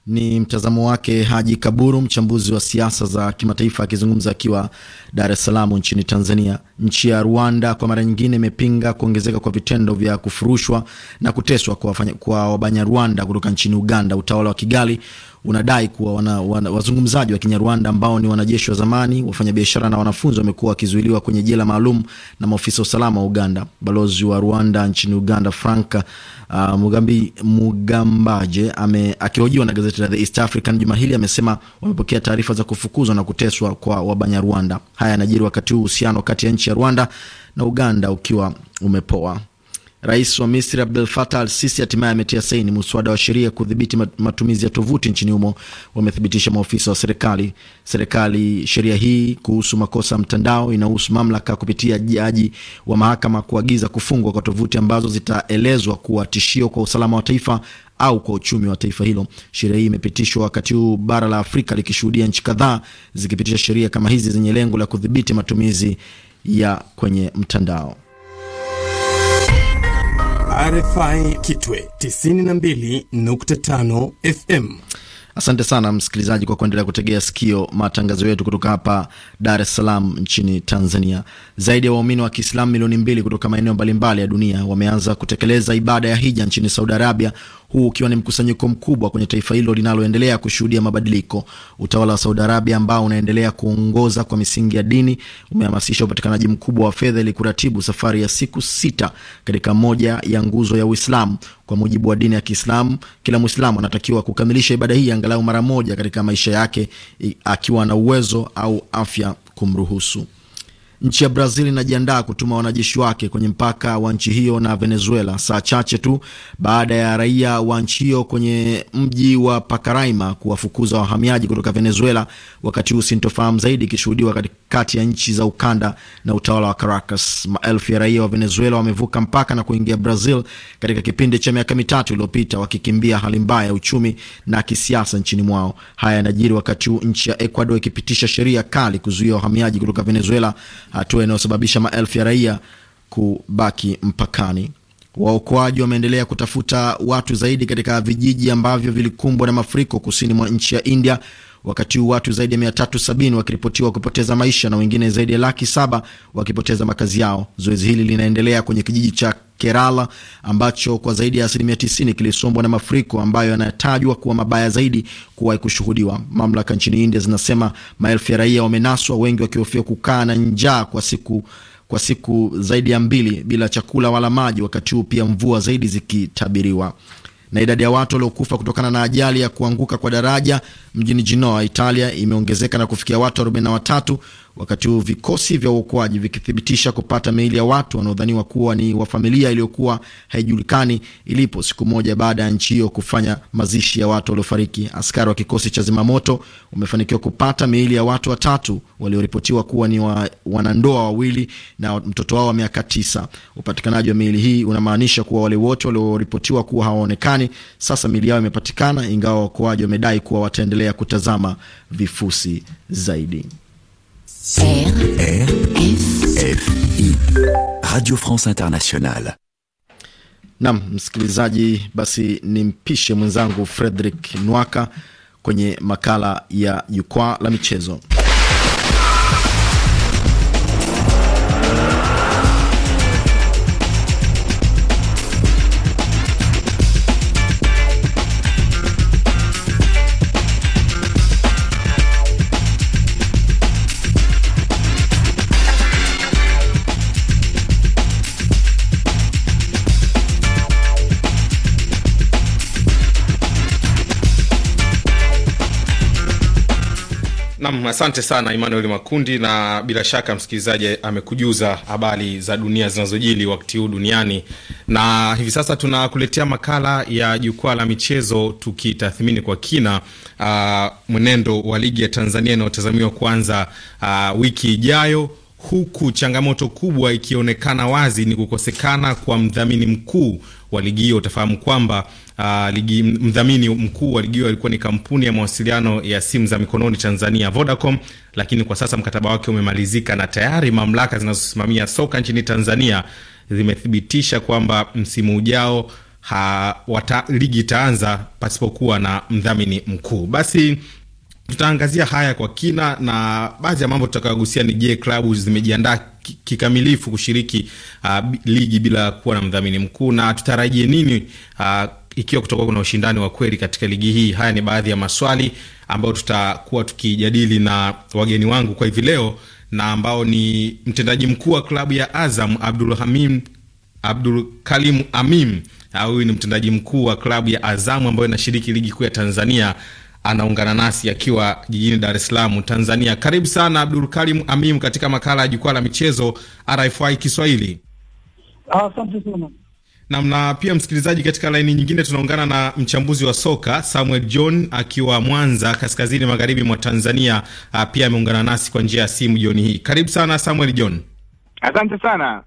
Ni mtazamo wake Haji Kaburu, mchambuzi wa siasa za kimataifa, akizungumza akiwa Dar es Salaam nchini Tanzania. Nchi ya Rwanda kwa mara nyingine imepinga kuongezeka kwa vitendo vya kufurushwa na kuteswa kwa, kwa rwanda kutoka nchini Uganda. Utawala wa Kigali unadai kuwa wana, wana, wazungumzaji wa Kinyarwanda ambao ni wanajeshi wa zamani, wafanyabiashara na wanafunzi wamekuwa wakizuiliwa kwenye jela maalum na maofisa usalama wa Uganda. Balozi wa Rwanda nchini Uganda Franka uh, Mugambi, Mugambaje ame, akihojiwa na gazeti la The East African juma hili amesema wamepokea taarifa za kufukuzwa na kuteswa kwa Wabanyarwanda. Haya yanajiri wakati huu uhusiano kati ya nchi ya Rwanda na Uganda ukiwa umepoa. Rais wa Misri Abdel Fattah al-Sisi hatimaye ametia saini muswada wa sheria ya kudhibiti matumizi ya tovuti nchini humo, wamethibitisha maofisa wa serikali serikali. Sheria hii kuhusu makosa ya mtandao inahusu mamlaka kupitia jaji wa mahakama kuagiza kufungwa kwa tovuti ambazo zitaelezwa kuwa tishio kwa usalama wa taifa au kwa uchumi wa taifa hilo. Sheria hii imepitishwa wakati huu bara la Afrika likishuhudia nchi kadhaa zikipitisha sheria kama hizi zenye lengo la kudhibiti matumizi ya kwenye mtandao. RFI Kitwe 92.5 FM. Asante sana msikilizaji kwa kuendelea kutegea sikio matangazo yetu kutoka hapa Dar es Salaam nchini Tanzania. Zaidi ya waumini wa Kiislamu milioni mbili kutoka maeneo mbalimbali ya dunia wameanza kutekeleza ibada ya hija nchini Saudi Arabia, huu ukiwa ni mkusanyiko mkubwa kwenye taifa hilo linaloendelea kushuhudia mabadiliko. Utawala wa Saudi Arabia ambao unaendelea kuongoza kwa misingi ya dini umehamasisha upatikanaji mkubwa wa fedha ili kuratibu safari ya siku sita katika moja ya nguzo ya Uislamu, kwa mujibu wa dini ya Kiislamu, kila Mwislamu anatakiwa kukamilisha ibada hii angalau mara moja katika maisha yake, akiwa na uwezo au afya kumruhusu. Nchi ya Brazil inajiandaa kutuma wanajeshi wake kwenye mpaka wa nchi hiyo na Venezuela saa chache tu baada ya raia wa nchi hiyo kwenye mji wa Pacaraima kuwafukuza wahamiaji kutoka Venezuela, wakati huu sintofahamu zaidi ikishuhudiwa kati ya nchi za ukanda na utawala wa Caracas. Maelfu ya raia wa Venezuela wamevuka mpaka na kuingia Brazil katika kipindi cha miaka mitatu iliyopita, wakikimbia hali mbaya ya uchumi na kisiasa nchini mwao. Haya yanajiri wakati huu nchi ya Ecuador ikipitisha sheria kali kuzuia wahamiaji kutoka Venezuela hatua inayosababisha maelfu ya raia kubaki mpakani. Waokoaji wameendelea kutafuta watu zaidi katika vijiji ambavyo vilikumbwa na mafuriko kusini mwa nchi ya India, wakati huu watu zaidi ya 370 wakiripotiwa kupoteza maisha na wengine zaidi ya laki saba wakipoteza makazi yao. Zoezi hili linaendelea kwenye kijiji cha Kerala ambacho kwa zaidi ya asilimia 90 kilisombwa na mafuriko ambayo yanatajwa kuwa mabaya zaidi kuwahi kushuhudiwa. Mamlaka nchini India zinasema maelfu ya raia wamenaswa, wengi wakihofia kukaa na njaa kwa siku kwa siku zaidi ya mbili bila chakula wala maji, wakati huu pia mvua zaidi zikitabiriwa. Na idadi ya watu waliokufa kutokana na ajali ya kuanguka kwa daraja mjini Genoa, Italia, imeongezeka na kufikia watu 43 wakati huu vikosi vya uokoaji vikithibitisha kupata miili ya watu wanaodhaniwa kuwa ni wa familia iliyokuwa haijulikani ilipo siku moja baada ya nchi hiyo kufanya mazishi ya watu waliofariki. Askari wa kikosi cha zimamoto wamefanikiwa kupata miili ya watu watatu walioripotiwa kuwa ni wa, wanandoa wawili na mtoto wao wa miaka tisa. Upatikanaji wa miili hii unamaanisha kuwa wale wote walioripotiwa kuwa hawaonekani sasa miili yao imepatikana, ingawa waokoaji wamedai kuwa wataendelea kutazama vifusi zaidi. R, R F, F, I. Radio France Internationale. Nam msikilizaji, basi ni mpishe mwenzangu Frederick Nwaka kwenye makala ya jukwaa la michezo. Nam, asante sana Emmanuel Makundi, na bila shaka msikilizaji amekujuza habari za dunia zinazojili wakati huu duniani. Na hivi sasa tunakuletea makala ya jukwaa la michezo, tukitathmini kwa kina uh, mwenendo wa ligi ya Tanzania inayotazamiwa kuanza uh, wiki ijayo, huku changamoto kubwa ikionekana wazi ni kukosekana kwa mdhamini mkuu wa ligi hiyo. Utafahamu kwamba Uh, ligi mdhamini mkuu wa ligi hiyo alikuwa ni kampuni ya mawasiliano ya simu za mikononi Tanzania Vodacom, lakini kwa sasa mkataba wake umemalizika na tayari mamlaka zinazosimamia soka nchini Tanzania zimethibitisha kwamba msimu ujao ha, wata, ligi itaanza pasipokuwa na mdhamini mkuu. Basi tutaangazia haya kwa kina na baadhi ya mambo tutakayogusia ni je, klabu zimejiandaa kikamilifu kushiriki uh, ligi bila kuwa na mdhamini mkuu na tutarajie nini uh, ikiwa kutakuwa kuna ushindani wa kweli katika ligi hii. Haya ni baadhi ya maswali ambayo tutakuwa tukijadili na wageni wangu kwa hivi leo na ambao ni mtendaji mkuu wa klabu ya Azam Abdulhamim Abdul Kalim Amim. Huyu ni mtendaji mkuu wa klabu ya Azamu ambayo inashiriki ligi kuu ya Tanzania. Anaungana nasi akiwa jijini Dar es Salaam, Tanzania. Karibu sana Abdul Karim Amim katika makala ya jukwaa la michezo RFI Kiswahili. Asante sana. Nam na pia msikilizaji, katika laini nyingine tunaungana na mchambuzi wa soka Samuel John akiwa Mwanza, kaskazini magharibi mwa Tanzania. Ah, pia ameungana nasi kwa njia ya simu jioni hii. Karibu sana Samuel John. Asante sana.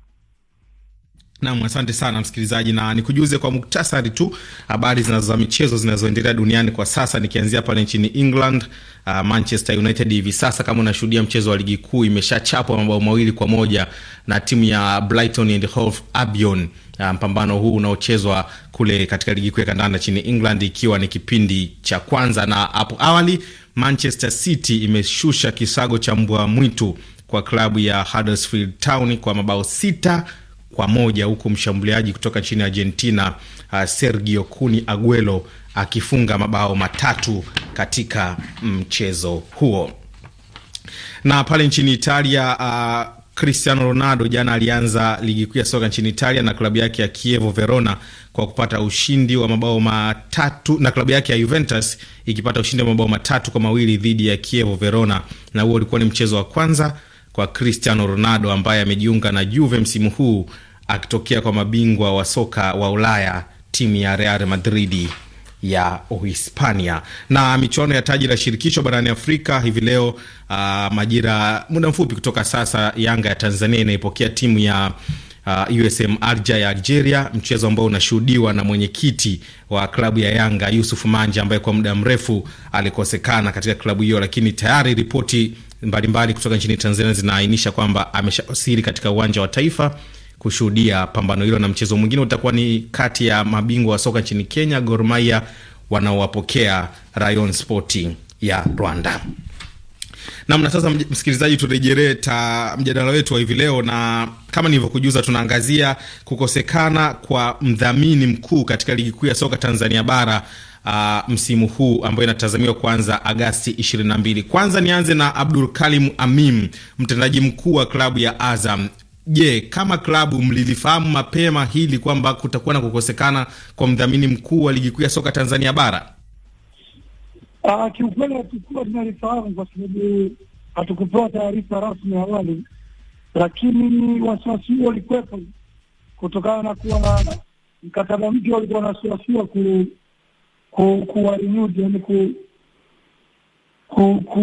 Nam, asante sana msikilizaji, na nikujuze kwa muktasari tu habari za michezo zinazoendelea duniani kwa sasa, nikianzia pale nchini England. Uh, Manchester United hivi sasa kama unashuhudia mchezo wa ligi kuu imeshachapwa mabao mawili kwa moja na timu ya Brighton and Hove Albion. Ah, mpambano huu unaochezwa kule katika ligi kuu ya kandanda nchini England ikiwa ni kipindi cha kwanza, na hapo awali Manchester City imeshusha kisago cha mbwa mwitu kwa klabu ya Huddersfield Town kwa mabao sita kwa moja huku mshambuliaji kutoka nchini Argentina uh, Sergio Kuni aguelo akifunga mabao matatu katika mchezo huo. Na pale nchini Italia uh, Cristiano Ronaldo jana alianza ligi kuu ya soka nchini Italia na klabu yake ya Kievo Verona kwa kupata ushindi wa mabao matatu na klabu yake ya Juventus ikipata ushindi wa mabao matatu kwa mawili dhidi ya Kievo Verona, na huo ulikuwa ni mchezo wa kwanza kwa Cristiano Ronaldo ambaye amejiunga na Juve msimu huu akitokea kwa mabingwa wa soka wa Ulaya timu ya Real Madridi ya Uhispania. Na michuano ya taji la shirikisho barani Afrika hivi leo, uh, majira muda mfupi kutoka sasa, Yanga ya Tanzania inaipokea timu ya uh, ah, USM Alger ya Algeria, mchezo ambao unashuhudiwa na mwenyekiti wa klabu ya Yanga Yusuf Manja ambaye kwa muda mrefu alikosekana katika klabu hiyo, lakini tayari ripoti mbalimbali kutoka nchini Tanzania zinaainisha kwamba ameshawasili katika uwanja wa Taifa kushuhudia pambano hilo, na mchezo mwingine utakuwa ni kati ya mabingwa wa soka nchini Kenya, Gor Mahia wanaowapokea Rayon Sporti ya Rwanda. Namna sasa, msikilizaji, turejelee mjadala wetu wa hivi leo, na kama nilivyokujuza, tunaangazia kukosekana kwa mdhamini mkuu katika ligi kuu ya soka Tanzania bara uh, msimu huu ambayo inatazamiwa kuanza Agasti 22. Kwanza nianze na Abdul Kalim Amim, mtendaji mkuu wa klabu ya Azam. Je, yeah, kama klabu mlilifahamu mapema hili kwamba kutakuwa na kukosekana kwa mdhamini mkuu wa ligi kuu ya soka Tanzania bara? Uh, kiukweli hatukuwa tunalifahamu kwa sababu hatukupewa taarifa rasmi awali, lakini wasiwasi huo walikuwepo kutokana na kuwa mkataba mpya walikuwa wanasiwasiwa ku, kuwarinudi yani ku, ku, ku,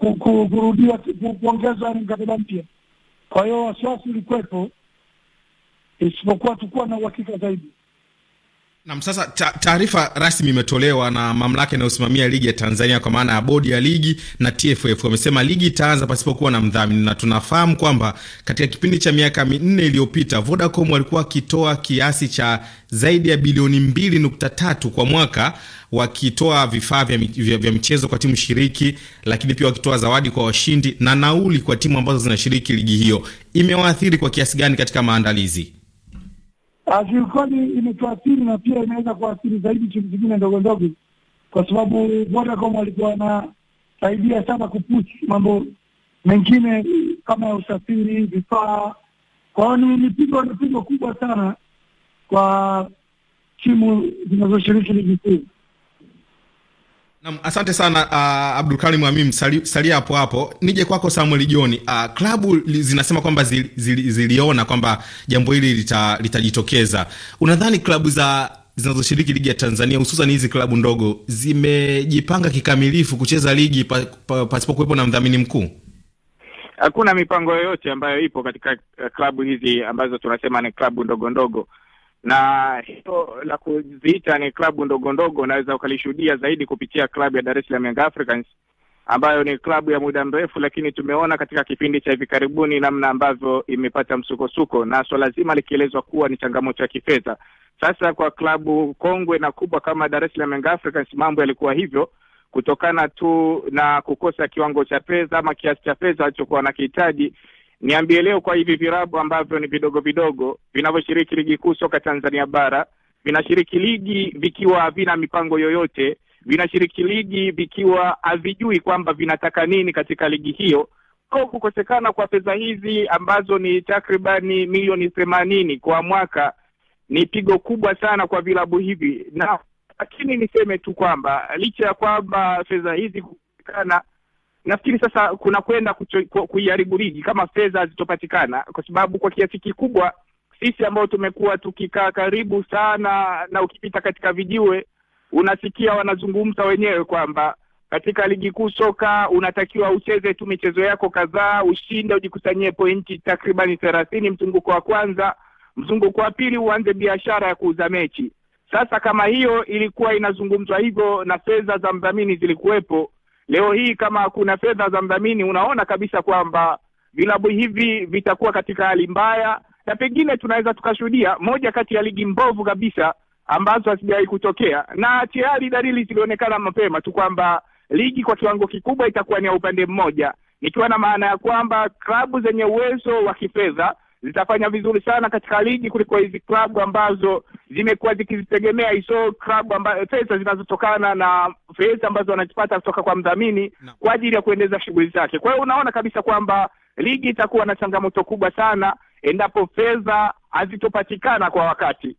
ku, ku, kurudiwa kuongezwa mkataba mpya. Kwa hiyo wasiwasi ulikuwepo, isipokuwa tukuwa na uhakika zaidi. Nam, sasa taarifa rasmi imetolewa na mamlaka inayosimamia ligi ya Tanzania kwa maana ya bodi ya ligi na TFF. Wamesema ligi itaanza pasipokuwa na mdhamini, na tunafahamu kwamba katika kipindi cha miaka minne iliyopita Vodacom walikuwa wakitoa kiasi cha zaidi ya bilioni mbili nukta tatu kwa mwaka wakitoa vifaa vya, vya, vya michezo kwa timu shiriki, lakini pia wakitoa zawadi kwa washindi na nauli kwa timu ambazo zinashiriki ligi hiyo. Imewaathiri kwa kiasi gani katika maandalizi? Kiukweli imetuathiri na pia inaweza kuathiri zaidi timu zingine ndogo ndogo, kwa sababu Vodacom walikuwa wanasaidia sana kupush mambo mengine kama ya usafiri, vifaa. Kwa hiyo ni mipigo ni pigo kubwa sana kwa timu zinazoshiriki ligi kuu. Naam, asante sana uh, Abdulkarim Amim, salia sali hapo hapo. Nije kwako Samuel John. Uh, klabu zinasema kwamba zili, zili, ziliona kwamba jambo hili litajitokeza. Lita unadhani klabu za zinazoshiriki ligi ya Tanzania hususan hizi klabu ndogo zimejipanga kikamilifu kucheza ligi pasipokuwepo pa, pa, kuwepo na mdhamini mkuu? Hakuna mipango yoyote ambayo ipo katika eh, klabu hizi ambazo tunasema ni klabu ndogo ndogo na hilo la kuziita ni klabu ndogo ndogo unaweza ukalishuhudia zaidi kupitia klabu ya Dar es Salaam Young Africans ambayo ni klabu ya muda mrefu, lakini tumeona katika kipindi cha hivi karibuni namna ambavyo imepata msukosuko na swala zima likielezwa kuwa ni changamoto ya kifedha. Sasa kwa klabu kongwe na kubwa kama Dar es Salaam Young Africans mambo yalikuwa hivyo kutokana tu na kukosa kiwango cha fedha ama kiasi cha fedha walichokuwa wanakihitaji Niambie leo kwa hivi virabu ambavyo ni vidogo vidogo vinavyoshiriki ligi kuu soka Tanzania bara vinashiriki ligi vikiwa havina mipango yoyote, vinashiriki ligi vikiwa havijui kwamba vinataka nini katika ligi hiyo, au kukosekana kwa fedha hizi ambazo ni takribani milioni themanini kwa mwaka ni pigo kubwa sana kwa vilabu hivi na lakini niseme tu kwamba licha ya kwamba fedha hizi kukosekana nafikiri sasa kuna kwenda kuiharibu ligi kama fedha hazitopatikana, kwa sababu kwa kiasi kikubwa sisi ambao tumekuwa tukikaa karibu sana, na ukipita katika vijiwe unasikia wanazungumza wenyewe kwamba katika ligi kuu soka unatakiwa ucheze tu michezo yako kadhaa, ushinde, ujikusanyie pointi takribani thelathini mzunguko wa kwanza, mzunguko wa pili uanze biashara ya kuuza mechi. Sasa kama hiyo ilikuwa inazungumzwa hivyo na fedha za mdhamini zilikuwepo, Leo hii kama kuna fedha za mdhamini, unaona kabisa kwamba vilabu hivi vitakuwa katika hali mbaya, na pengine tunaweza tukashuhudia moja kati ya ligi mbovu kabisa ambazo hazijawahi kutokea, na tayari dalili zilionekana mapema tu kwamba ligi kwa kiwango kikubwa itakuwa ni ya upande mmoja, nikiwa na maana ya kwamba klabu zenye uwezo wa kifedha zitafanya vizuri sana katika ligi kuliko hizi klabu ambazo zimekuwa zikizitegemea hizo klabu ambazo pesa zinazotokana na pesa ambazo wanazipata kutoka kwa mdhamini no. kwa ajili ya kuendeleza shughuli zake. Kwa hiyo unaona kabisa kwamba ligi itakuwa na changamoto kubwa sana endapo fedha hazitopatikana kwa wakati.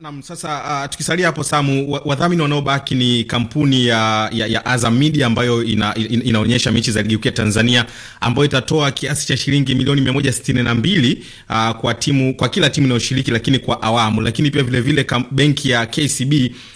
Naam, sasa uh, tukisalia hapo Samu, wadhamini wanaobaki ni kampuni ya, ya, ya Azam Media ambayo ina, ina, inaonyesha mechi za ligi kuu ya Tanzania ambayo itatoa kiasi cha shilingi milioni 162 uh, ah, kwa timu kwa kila timu inayoshiriki, lakini kwa awamu. Lakini pia vile vile benki ya KCB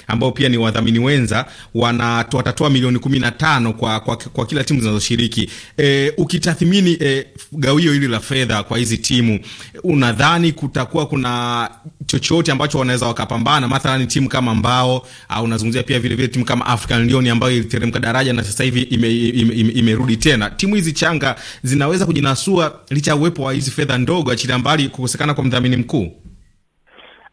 ambao pia ni wadhamini wenza wanatoa watatoa milioni 15 kwa, kwa, kwa kila timu zinazoshiriki. E, ukitathmini e, gawio hili la fedha kwa hizi timu, unadhani kutakuwa kuna chochote ambacho wanaweza wakapambana, mathalan timu kama Mbao au pia vile vile timu kama African Lion ambayo iliteremka daraja na sasa hivi imerudi ime, ime, ime tena. Timu hizi changa zinaweza kujinasua licha ya uwepo wa hizi fedha ndogo, achilia mbali kukosekana kwa mdhamini mkuu.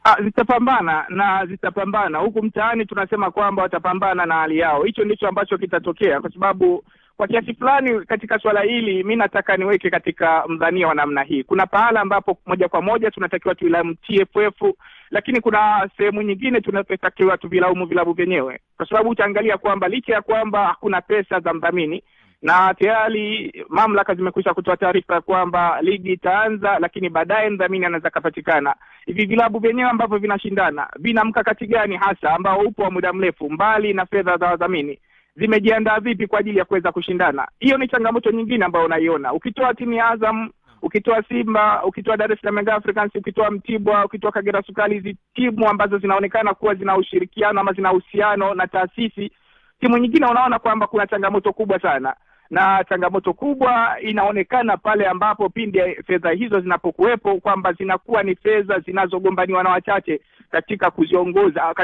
Ah, zitapambana na zitapambana. Huku mtaani tunasema kwamba watapambana na hali yao, hicho ndicho ambacho kitatokea kwa sababu kwa kiasi fulani katika swala hili mi nataka niweke katika mdhania wa namna hii. Kuna pahala ambapo moja kwa moja tunatakiwa tuilaumu TFF, lakini kuna sehemu nyingine tunatakiwa tuvilaumu vilabu vyenyewe, kwa sababu utaangalia kwamba licha ya kwamba hakuna pesa za mdhamini na tayari mamlaka zimekwisha kutoa taarifa ya kwamba ligi itaanza, lakini baadaye mdhamini anaweza akapatikana. Hivi vilabu vyenyewe ambavyo vinashindana vina mkakati gani hasa ambao upo wa muda mrefu, mbali na fedha za wadhamini? zimejiandaa vipi kwa ajili ya kuweza kushindana. Hiyo ni changamoto nyingine ambayo unaiona ukitoa timu ya Azam, ukitoa Simba, ukitoa Dar es Salaam Young Africans, ukitoa Mtibwa, ukitoa Kagera Sukari, hizi timu ambazo zinaonekana kuwa zina ushirikiano ama zina uhusiano na taasisi, timu nyingine unaona kwamba kuna changamoto kubwa sana na changamoto kubwa inaonekana pale ambapo pindi fedha hizo zinapokuwepo kwamba zinakuwa ni fedha zinazogombaniwa na wachache katika kuziongoza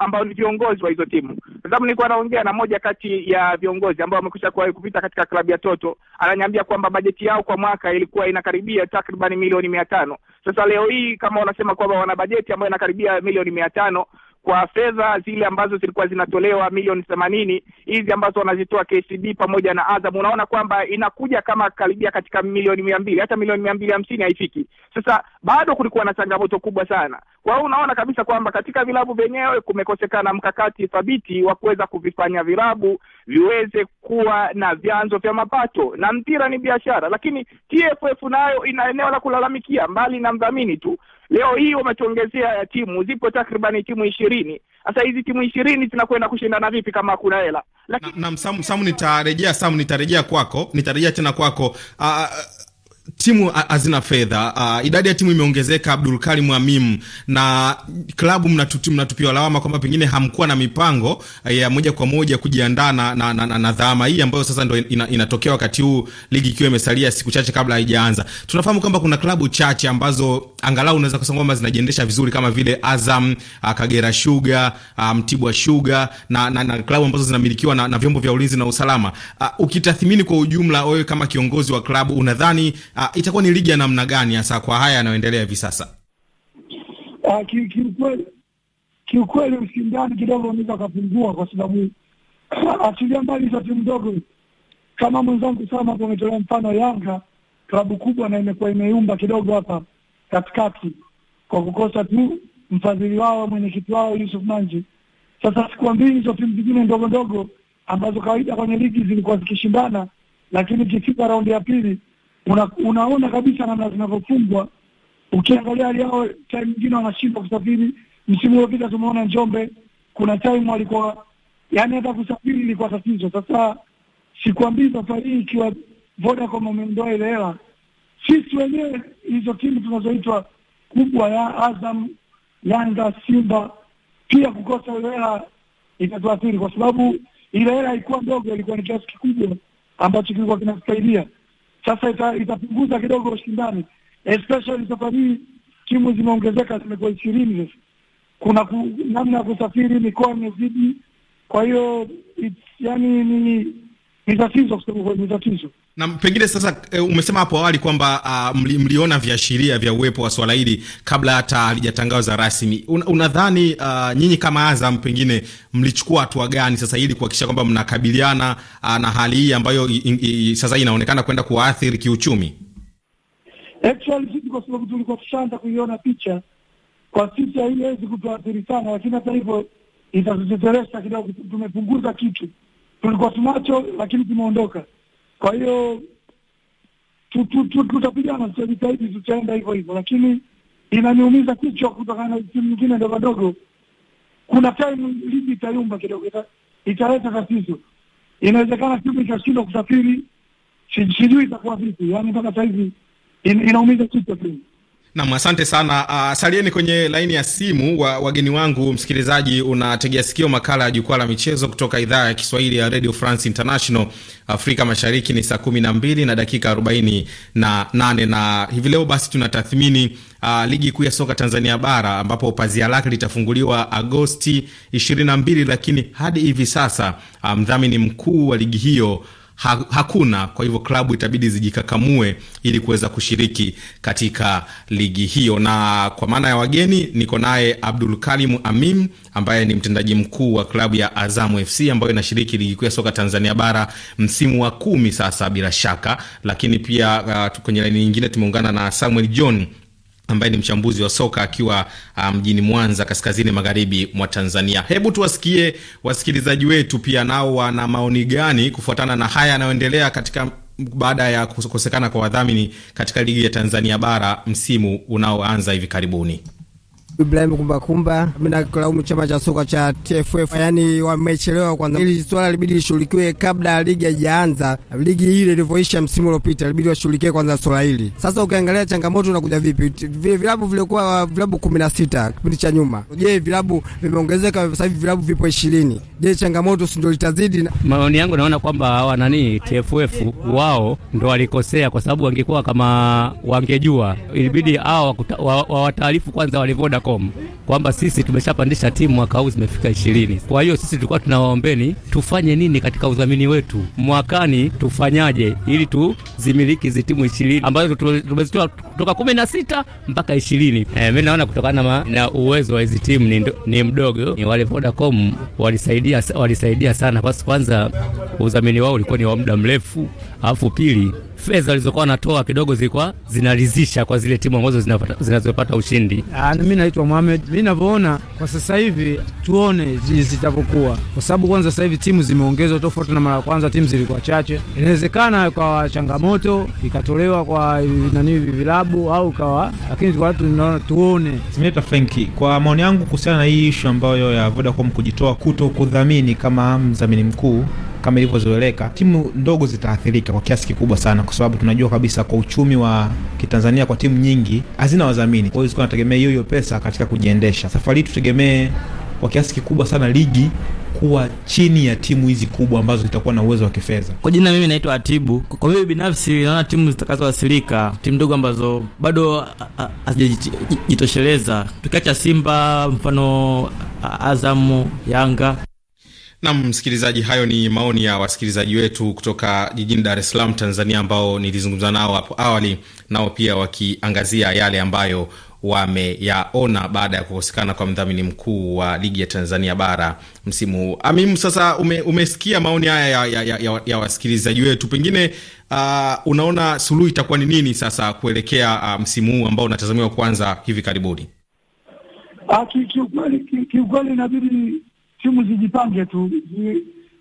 ambao ni viongozi wa hizo timu. Kwa sababu nilikuwa naongea na moja kati ya viongozi ambao wamekwisha kuwahi kupita katika klabu ya Toto, ananiambia kwamba bajeti yao kwa mwaka ilikuwa inakaribia takriban milioni mia tano. Sasa leo hii kama wanasema kwamba wana bajeti ambayo inakaribia milioni mia tano kwa fedha zile ambazo zilikuwa zinatolewa milioni themanini hizi ambazo wanazitoa KCB pamoja na Azam, unaona kwamba inakuja kama karibia katika milioni mia mbili hata milioni mia mbili hamsini haifiki. Sasa bado kulikuwa na changamoto kubwa sana. Kwa hiyo unaona kabisa kwamba katika vilabu vyenyewe kumekosekana mkakati thabiti wa kuweza kuvifanya vilabu viweze kuwa na vyanzo vya mapato, na mpira ni biashara, lakini TFF nayo ina eneo la kulalamikia mbali na mdhamini tu Leo hii wametuongezea ya timu, zipo takribani timu ishirini. Sasa hizi timu ishirini zinakwenda kushindana vipi kama hakuna hela? Lakini na, na, Samu, Samu nitarejea Samu nitarejea kwako nitarejea tena kwako. uh, timu hazina fedha uh, idadi ya timu imeongezeka, Abdul Karim Amim, na klabu mnatupiwa lawama kwamba pengine hamkuwa na mipango eh, ya moja kwa moja kujiandaa na, na, na, na na dhama hii ambayo sasa ndo ina, inatokea wakati huu ligi ikiwa imesalia siku chache kabla haijaanza. Tunafahamu kwamba kuna klabu chache ambazo angalau unaweza kusema kwamba zinajiendesha vizuri kama vile Azam, uh, Kagera Sugar, uh, Mtibwa Sugar na, na, na klabu ambazo zinamilikiwa na, na vyombo vya ulinzi na usalama. Uh, ukitathmini kwa ujumla, wewe kama kiongozi wa klabu unadhani uh, itakuwa ni ligi ya namna gani hasa kwa haya yanayoendelea hivi sasa? Uh, ah, kiukweli ki kiukweli, ushindani kidogo unaweza kapungua, kwa sababu [clears throat] achilia mbali za timu ndogo kama mwenzangu sama ametolea mfano Yanga, klabu kubwa na imekuwa imeumba kidogo hapa katikati kwa kukosa tu mfadhili wao mwenyekiti wao Yusuf Manji. Sasa siku mbili hizo timu zingine ndogo ndogo ambazo kawaida kwenye ligi zilikuwa zikishindana, lakini ikifika raundi ya pili una, unaona kabisa namna zinavyofungwa. Ukiangalia hali yao time nyingine wanashindwa kusafiri. Msimu uliopita tumeona Njombe, kuna time walikuwa yani hata kusafiri ilikuwa tatizo. Sasa sikwambii safari hii ikiwa Vodacom wameondoa ile hela, sisi wenyewe hizo timu tunazoitwa kubwa ya Azam, Yanga, Simba pia kukosa ile hela itatuathiri, kwa sababu ile hela haikuwa ndogo, ilikuwa ni kiasi kikubwa ambacho kilikuwa kinasaidia sasa ita, itapunguza kidogo ushindani, especially sasa hii timu zimeongezeka, zimekuwa ishirini. Sasa kuna ku, namna ya kusafiri, mikoa imezidi, kwa hiyo yani ni ni tatizo kusema kweli, ni tatizo. Na pengine sasa eh, umesema hapo awali kwamba uh, mli, mliona viashiria vya uwepo wa swala hili kabla hata halijatangaza rasmi. unadhani uh, nyinyi kama Azam pengine mlichukua hatua gani sasa ili kuhakikisha kwamba mnakabiliana uh, na hali hii ambayo i, i, sasa inaonekana kwenda kuwaathiri kiuchumi? Actually sisi kwa sababu tulikuwa tushaanza kuiona picha, kwa sisi haiwezi kutuathiri sana, lakini hata hivyo itatuteteresha kidogo. Tumepunguza kitu tulikuwa tunacho, lakini tumeondoka kwa hiyo tutapigana, tutajitahidi, tutaenda hivyo hivyo, lakini inaniumiza kichwa kutokana na timu nyingine ndogo ndogo. Kuna time ligi itayumba kidogo, italeta tatizo. Inawezekana timu ikashindwa kusafiri, sijui itakuwa vipi. Yani mpaka sahizi inaumiza kichwa tu. Nam, asante sana. Uh, salieni kwenye laini ya simu wa, wageni wangu. Msikilizaji, unategea sikio makala ya jukwaa la michezo kutoka idhaa ya Kiswahili ya Radio France International. Afrika Mashariki ni saa kumi na mbili na dakika arobaini na nane na hivi leo basi tunatathmini uh, ligi kuu ya soka Tanzania bara ambapo pazia lake litafunguliwa Agosti 22, lakini hadi hivi sasa ah, mdhamini um, mkuu wa ligi hiyo ha, hakuna. Kwa hivyo klabu itabidi zijikakamue ili kuweza kushiriki katika ligi hiyo. Na kwa maana ya wageni, niko naye Abdul Karim Amim ambaye ni mtendaji mkuu wa klabu ya azamu FC ambayo inashiriki ligi kuu ya soka Tanzania bara msimu wa kumi sasa bila shaka, lakini pia uh, kwenye laini nyingine tumeungana na Samuel John ambaye ni mchambuzi wa soka akiwa ah, mjini um, Mwanza, kaskazini magharibi mwa Tanzania. Hebu tuwasikie wasikilizaji wetu pia nao wana maoni gani kufuatana na haya yanayoendelea katika baada ya kukosekana kwa wadhamini katika ligi ya Tanzania bara msimu unaoanza hivi karibuni. Ibrahim Kumbakumba. Mimi nakilaumu chama cha soka cha TFF, yaani wamechelewa kwanza. Ili swala libidi lishughulikiwe kabla ligi haijaanza. Ligi ile ilivyoisha msimu uliopita, libidi washughulikie kwanza swala hili. Sasa ukiangalia changamoto unakuja vipi, vile vilabu vilikuwa vilabu kumi na sita kipindi cha nyuma, je, vilabu vimeongezeka sasa hivi vilabu vipo ishirini. Je, changamoto si ndio litazidi? Maoni yangu naona kwamba hawa nani TFF wao ndo walikosea, kwa sababu wangekuwa kama wangejua, ilibidi hao wawataarifu kwanza walivyoda Telecom kwamba sisi tumeshapandisha timu mwaka huu zimefika ishirini. Kwa hiyo sisi tulikuwa tunawaombeni tufanye nini katika udhamini wetu mwakani, tufanyaje ili tuzimiliki hizi timu ishirini ambazo tumezitoa kutoka kumi na sita mpaka ishirini. E, eh, mi naona kutokana na uwezo wa hizi timu ni, ni mdogo. Ni wale Vodacom walisaidia, walisaidia sana kwa Kwanza udhamini wao ulikuwa ni wa muda mrefu, alafu pili fedha walizokuwa wanatoa kidogo zilikuwa zinaridhisha kwa zile timu ambazo zinazopata ushindi. Ah, mimi anaitwa Mohamed. Mimi ninavyoona kwa sasa hivi, tuone zitavyokuwa, kwa sababu kwanza sasa hivi timu zimeongezwa tofauti na mara ya kwanza, timu zilikuwa chache. Inawezekana kwa changamoto ikatolewa kwa nani vilabu au kawa, lakini tuone. Seneta Fenki, kwa maoni yangu kuhusiana na hii ishu ambayo ya Vodacom kujitoa kuto kudhamini kama mdhamini mkuu kama ilivyozoeleka, timu ndogo zitaathirika kwa kiasi kikubwa sana, kwa sababu tunajua kabisa kwa uchumi wa Kitanzania kwa timu nyingi hazina wadhamini, kwa hiyo zilikuwa nategemea hiyo hiyo pesa katika kujiendesha. Safari hii tutegemee kwa kiasi kikubwa sana ligi kuwa chini ya timu hizi kubwa ambazo zitakuwa na uwezo wa kifedha. Kwa jina mimi naitwa Atibu. Kwa mimi binafsi naona timu zitakazowasilika timu ndogo ambazo bado hazijajitosheleza, tukiacha Simba mfano Azamu, Yanga nam msikilizaji, hayo ni maoni ya wasikilizaji wetu kutoka jijini Dar es Salaam, Tanzania, ambao nilizungumza nao hapo awali, nao pia wakiangazia yale ambayo wameyaona baada ya kukosekana kwa mdhamini mkuu wa ligi ya Tanzania bara msimu huu. Amim, sasa ume, umesikia maoni haya ya, ya, ya, ya, ya wasikilizaji wetu, pengine uh, unaona suluhu itakuwa ni nini sasa kuelekea uh, msimu huu ambao unatazamiwa kuanza hivi karibuni? Ah, kiukweli inabidi timu zijipange tu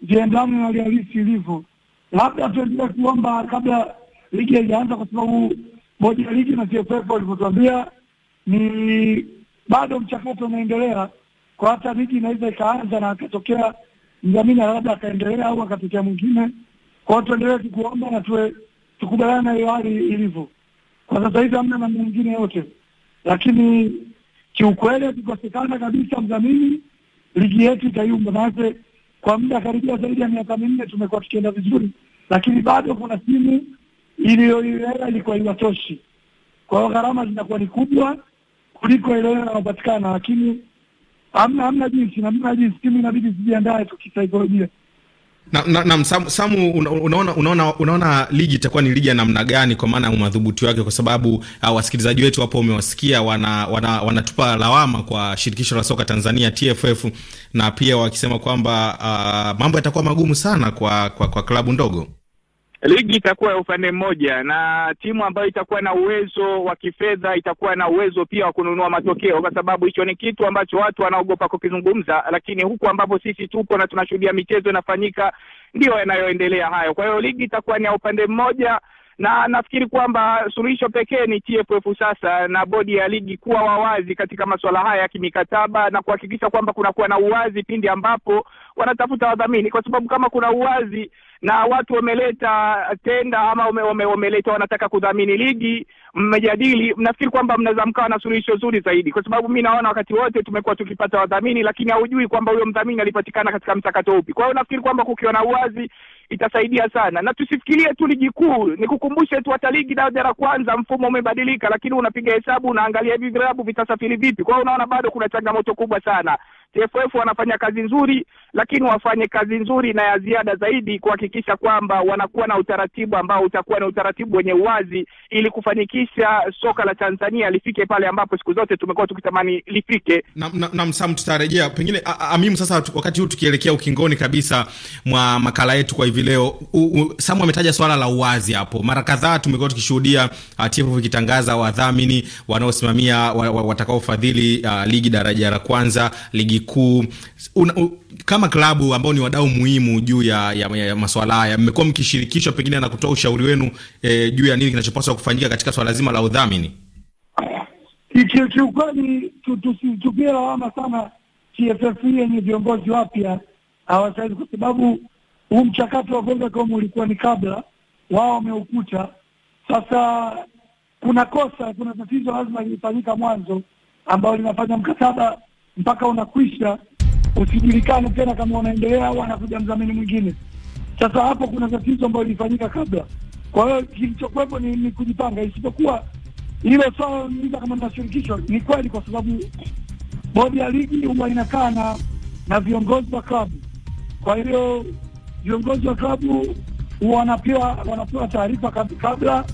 ziendane na hali halisi ilivyo, labda tuendelee kuomba kabla ligi haijaanza, kwa sababu moja ya ligi na TFF walivyotuambia ni bado mchakato unaendelea, kwa hata ligi inaweza ikaanza na akatokea mdhamini labda akaendelea au akatokea mwingine. Kwa hiyo tuendelee tukuomba na tuwe tukubaliana na hiyo hali ilivyo kwa sasa hivi, hamna namna nyingine yote, lakini kiukweli akikosekana kabisa mdhamini ligi yetu itayumba. Maanake kwa muda karibia zaidi ya miaka minne tumekuwa tukienda vizuri, lakini bado kuna simu iliyoiwela ilikuwa iwatoshi. Kwa hiyo gharama zinakuwa ni kubwa kuliko ile inayopatikana, lakini hamna hamna jinsi, hamna jinsi, timu inabidi zijiandae tu kisaikolojia na, na, na, Samu, Samu unaona, unaona, unaona ligi itakuwa ni ligi ya namna gani kwa maana ya umadhubuti wake? Kwa sababu uh, wasikilizaji wetu hapo umewasikia wanatupa wana, wana lawama kwa shirikisho la soka Tanzania TFF, na pia wakisema kwamba uh, mambo yatakuwa magumu sana kwa, kwa, kwa klabu ndogo ligi itakuwa ya upande mmoja, na timu ambayo itakuwa na uwezo wa kifedha itakuwa na uwezo pia wa kununua matokeo, kwa sababu hicho ni kitu ambacho watu wanaogopa kukizungumza, lakini huku ambapo sisi tupo na tunashuhudia michezo inafanyika, ndiyo yanayoendelea hayo. Kwa hiyo ligi itakuwa ni ya upande mmoja na nafikiri kwamba suluhisho pekee ni TFF sasa na bodi ya ligi kuwa wawazi katika masuala haya ya kimikataba na kuhakikisha kwamba kunakuwa na uwazi pindi ambapo wanatafuta wadhamini, kwa sababu kama kuna uwazi na watu wameleta tenda ama wame, wame, wameleta wanataka kudhamini ligi mmejadili, mnafikiri kwamba mnaweza mkawa na suluhisho zuri zaidi, kwa sababu mi naona wakati wote tumekuwa tukipata wadhamini, lakini haujui kwamba huyo mdhamini alipatikana katika mchakato upi. Kwa hiyo nafikiri kwamba kukiwa na uwazi itasaidia sana, na tusifikirie tu ligi kuu. Nikukumbushe tu hata ligi daraja la kwanza mfumo umebadilika, lakini unapiga hesabu, unaangalia hivi vilabu vitasafiri vipi. Kwa hiyo unaona bado kuna changamoto kubwa sana. TFF wanafanya kazi nzuri, lakini wafanye kazi nzuri na ya ziada zaidi kuhakikisha kwamba wanakuwa na utaratibu ambao utakuwa na utaratibu wenye uwazi, ili kufanikisha soka la Tanzania lifike pale ambapo siku zote tumekuwa tukitamani lifike. Na, na, na msam tutarejea pengine Amimu. Sasa wakati huu tukielekea ukingoni kabisa mwa makala yetu kwa hivi leo, Samu ametaja swala la uwazi hapo. Mara kadhaa tumekuwa tukishuhudia TFF ikitangaza wadhamini wanaosimamia watakaofadhili ligi daraja la kwanza, ligi ku, una, u, kama klabu ambao ni wadau muhimu juu ya, ya, ya masuala haya mmekuwa mkishirikishwa pengine na kutoa ushauri wenu e, juu ya nini kinachopaswa kufanyika katika swala zima la udhamini? Kiukweli tusitupie lawama sana TFF yenye viongozi wapya hawasaidi, kwa sababu huu mchakato wa kwanza kaumu ulikuwa ni kabla wao wameukuta. Sasa kuna kosa, kuna tatizo lazima lilifanyika mwanzo, ambao linafanya mkataba mpaka unakwisha, usijulikane tena kama unaendelea au anakuja mdhamini mwingine. Sasa hapo kuna tatizo ambayo ilifanyika kabla. Kwa hiyo kilichokuwepo ni, ni kujipanga, isipokuwa hilo swala niuliza kama linashirikishwa ni kweli, kwa sababu bodi ya ligi huwa inakaa na na viongozi wa klabu. Kwa hiyo viongozi wa klabu wanapewa wanapewa taarifa kabla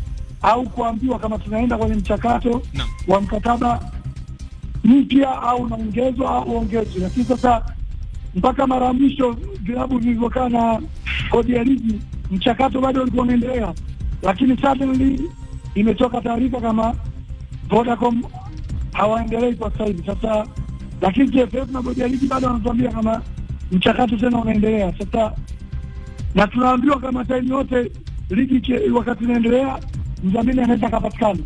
au kuambiwa kama tunaenda kwenye mchakato no. wa mkataba mpya au unaongezwa au uongezwe, lakini sasa mpaka mara ya mwisho vilabu vilivyokaa na kodi ya ligi mchakato bado ulikuwa unaendelea, lakini suddenly imetoka taarifa kama Vodacom hawaendelei kwa sasa hivi. Sasa lakini TFF na bodi ya ligi bado wanatuambia kama mchakato tena unaendelea sasa, na tunaambiwa kama time yote ligi wakati inaendelea mdhamini anaweza akapatikana.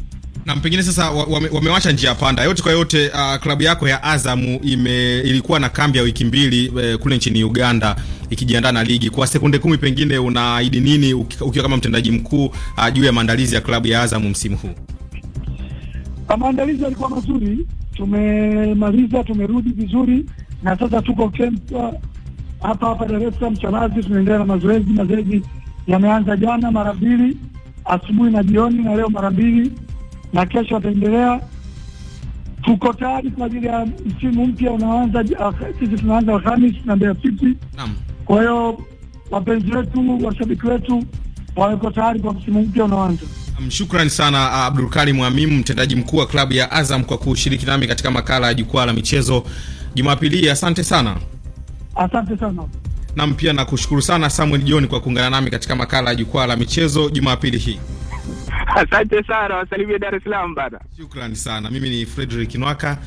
Na pengine sasa wame, wamewacha njia panda. Yote kwa yote, uh, klabu yako ya Azamu ime, ilikuwa na kambi ya wiki mbili eh, kule nchini Uganda ikijiandaa na ligi. Kwa sekunde kumi, pengine unaahidi nini ukiwa kama mtendaji mkuu uh, juu ya maandalizi ya klabu ya Azamu msimu huu? Ah, maandalizi yalikuwa mazuri, tumemaliza, tumerudi vizuri na sasa tuko uh, hapa hapa Dar es Salaam Chamazi, tunaendelea na mazoezi. Mazoezi yameanza jana mara mbili asubuhi na jioni, na leo mara mbili na kesho ataendelea. Tuko tayari kwa ajili ya msimu mpya unaanza. Ah, sisi tunaanza Alhamis na Mbeya City. Kwa hiyo wapenzi wetu, washabiki wetu waweko tayari kwa msimu mpya unaoanza. Shukran sana ah, Abdulkarim Amim, mtendaji mkuu wa klabu ya Azam kwa kushiriki nami katika makala ya jukwaa la michezo Jumapili. Asante sana, asante sana. Nam pia nakushukuru sana Samuel John kwa kuungana nami katika makala ya jukwaa la michezo Jumapili hii. Asante sana, wasalimie Dar es Salaam bana. Shukrani sana. Mimi ni Frederick Nwaka,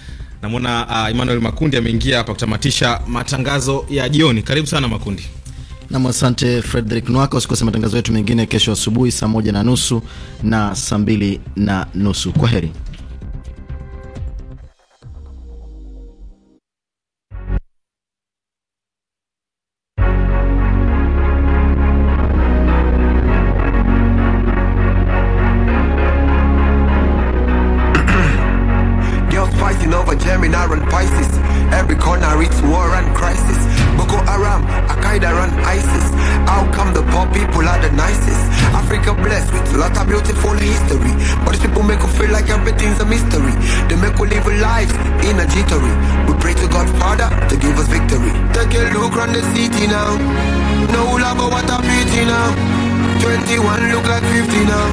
namwona uh, Emmanuel Makundi ameingia hapa kutamatisha matangazo ya jioni. Karibu sana Makundi. Nam, asante Frederick Nwaka. Usikose matangazo yetu mengine kesho asubuhi saa moja na nusu na saa mbili na nusu. Kwa heri. Gemini and Pisces. Every corner it's war and crisis. Boko Haram, Al Qaeda and ISIS. How come the poor people are the nicest? Africa blessed with a lot of beautiful history. But these people make us feel like everything's a mystery. They make us live lives in a jittery. We pray to God Father to give us victory. Take a look around the city now. No love or what a pity now. 21 look like 50 now.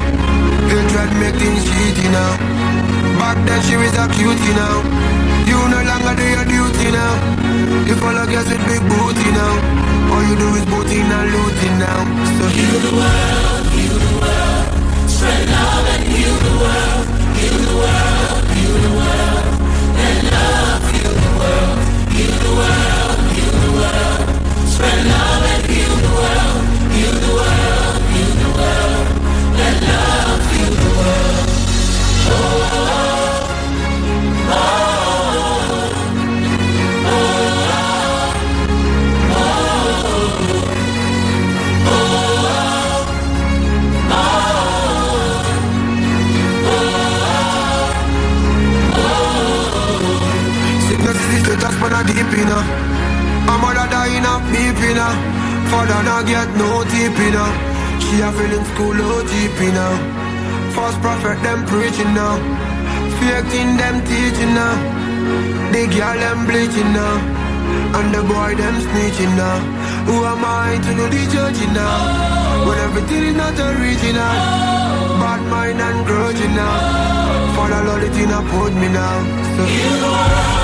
They try to make things shitty now. Back then she was a cutie now. You no longer do your duty now. You follow girls with big booty now. All you do is booty and looting now. So judging now? And the boy them snitching now. Who am I to know the judging now? When everything is not original. Bad mind and grudging now. For the Lord, it in put me now. So you are.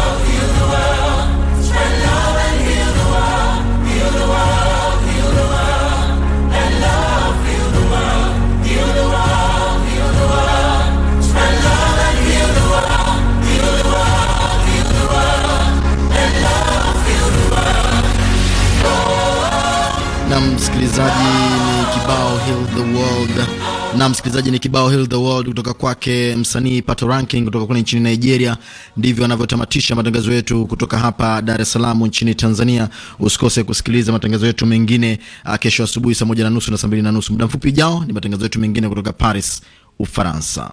msikilizaji ni kibao Heal the World, na msikilizaji ni kibao Heal the World kutoka kwake msanii Pato Ranking kutoka kule nchini Nigeria. Ndivyo anavyotamatisha matangazo yetu kutoka hapa Dar es Salaam nchini Tanzania. Usikose kusikiliza matangazo yetu mengine ah, kesho asubuhi saa moja na nusu na saa mbili na nusu. Muda mfupi ujao ni matangazo yetu mengine kutoka Paris, Ufaransa.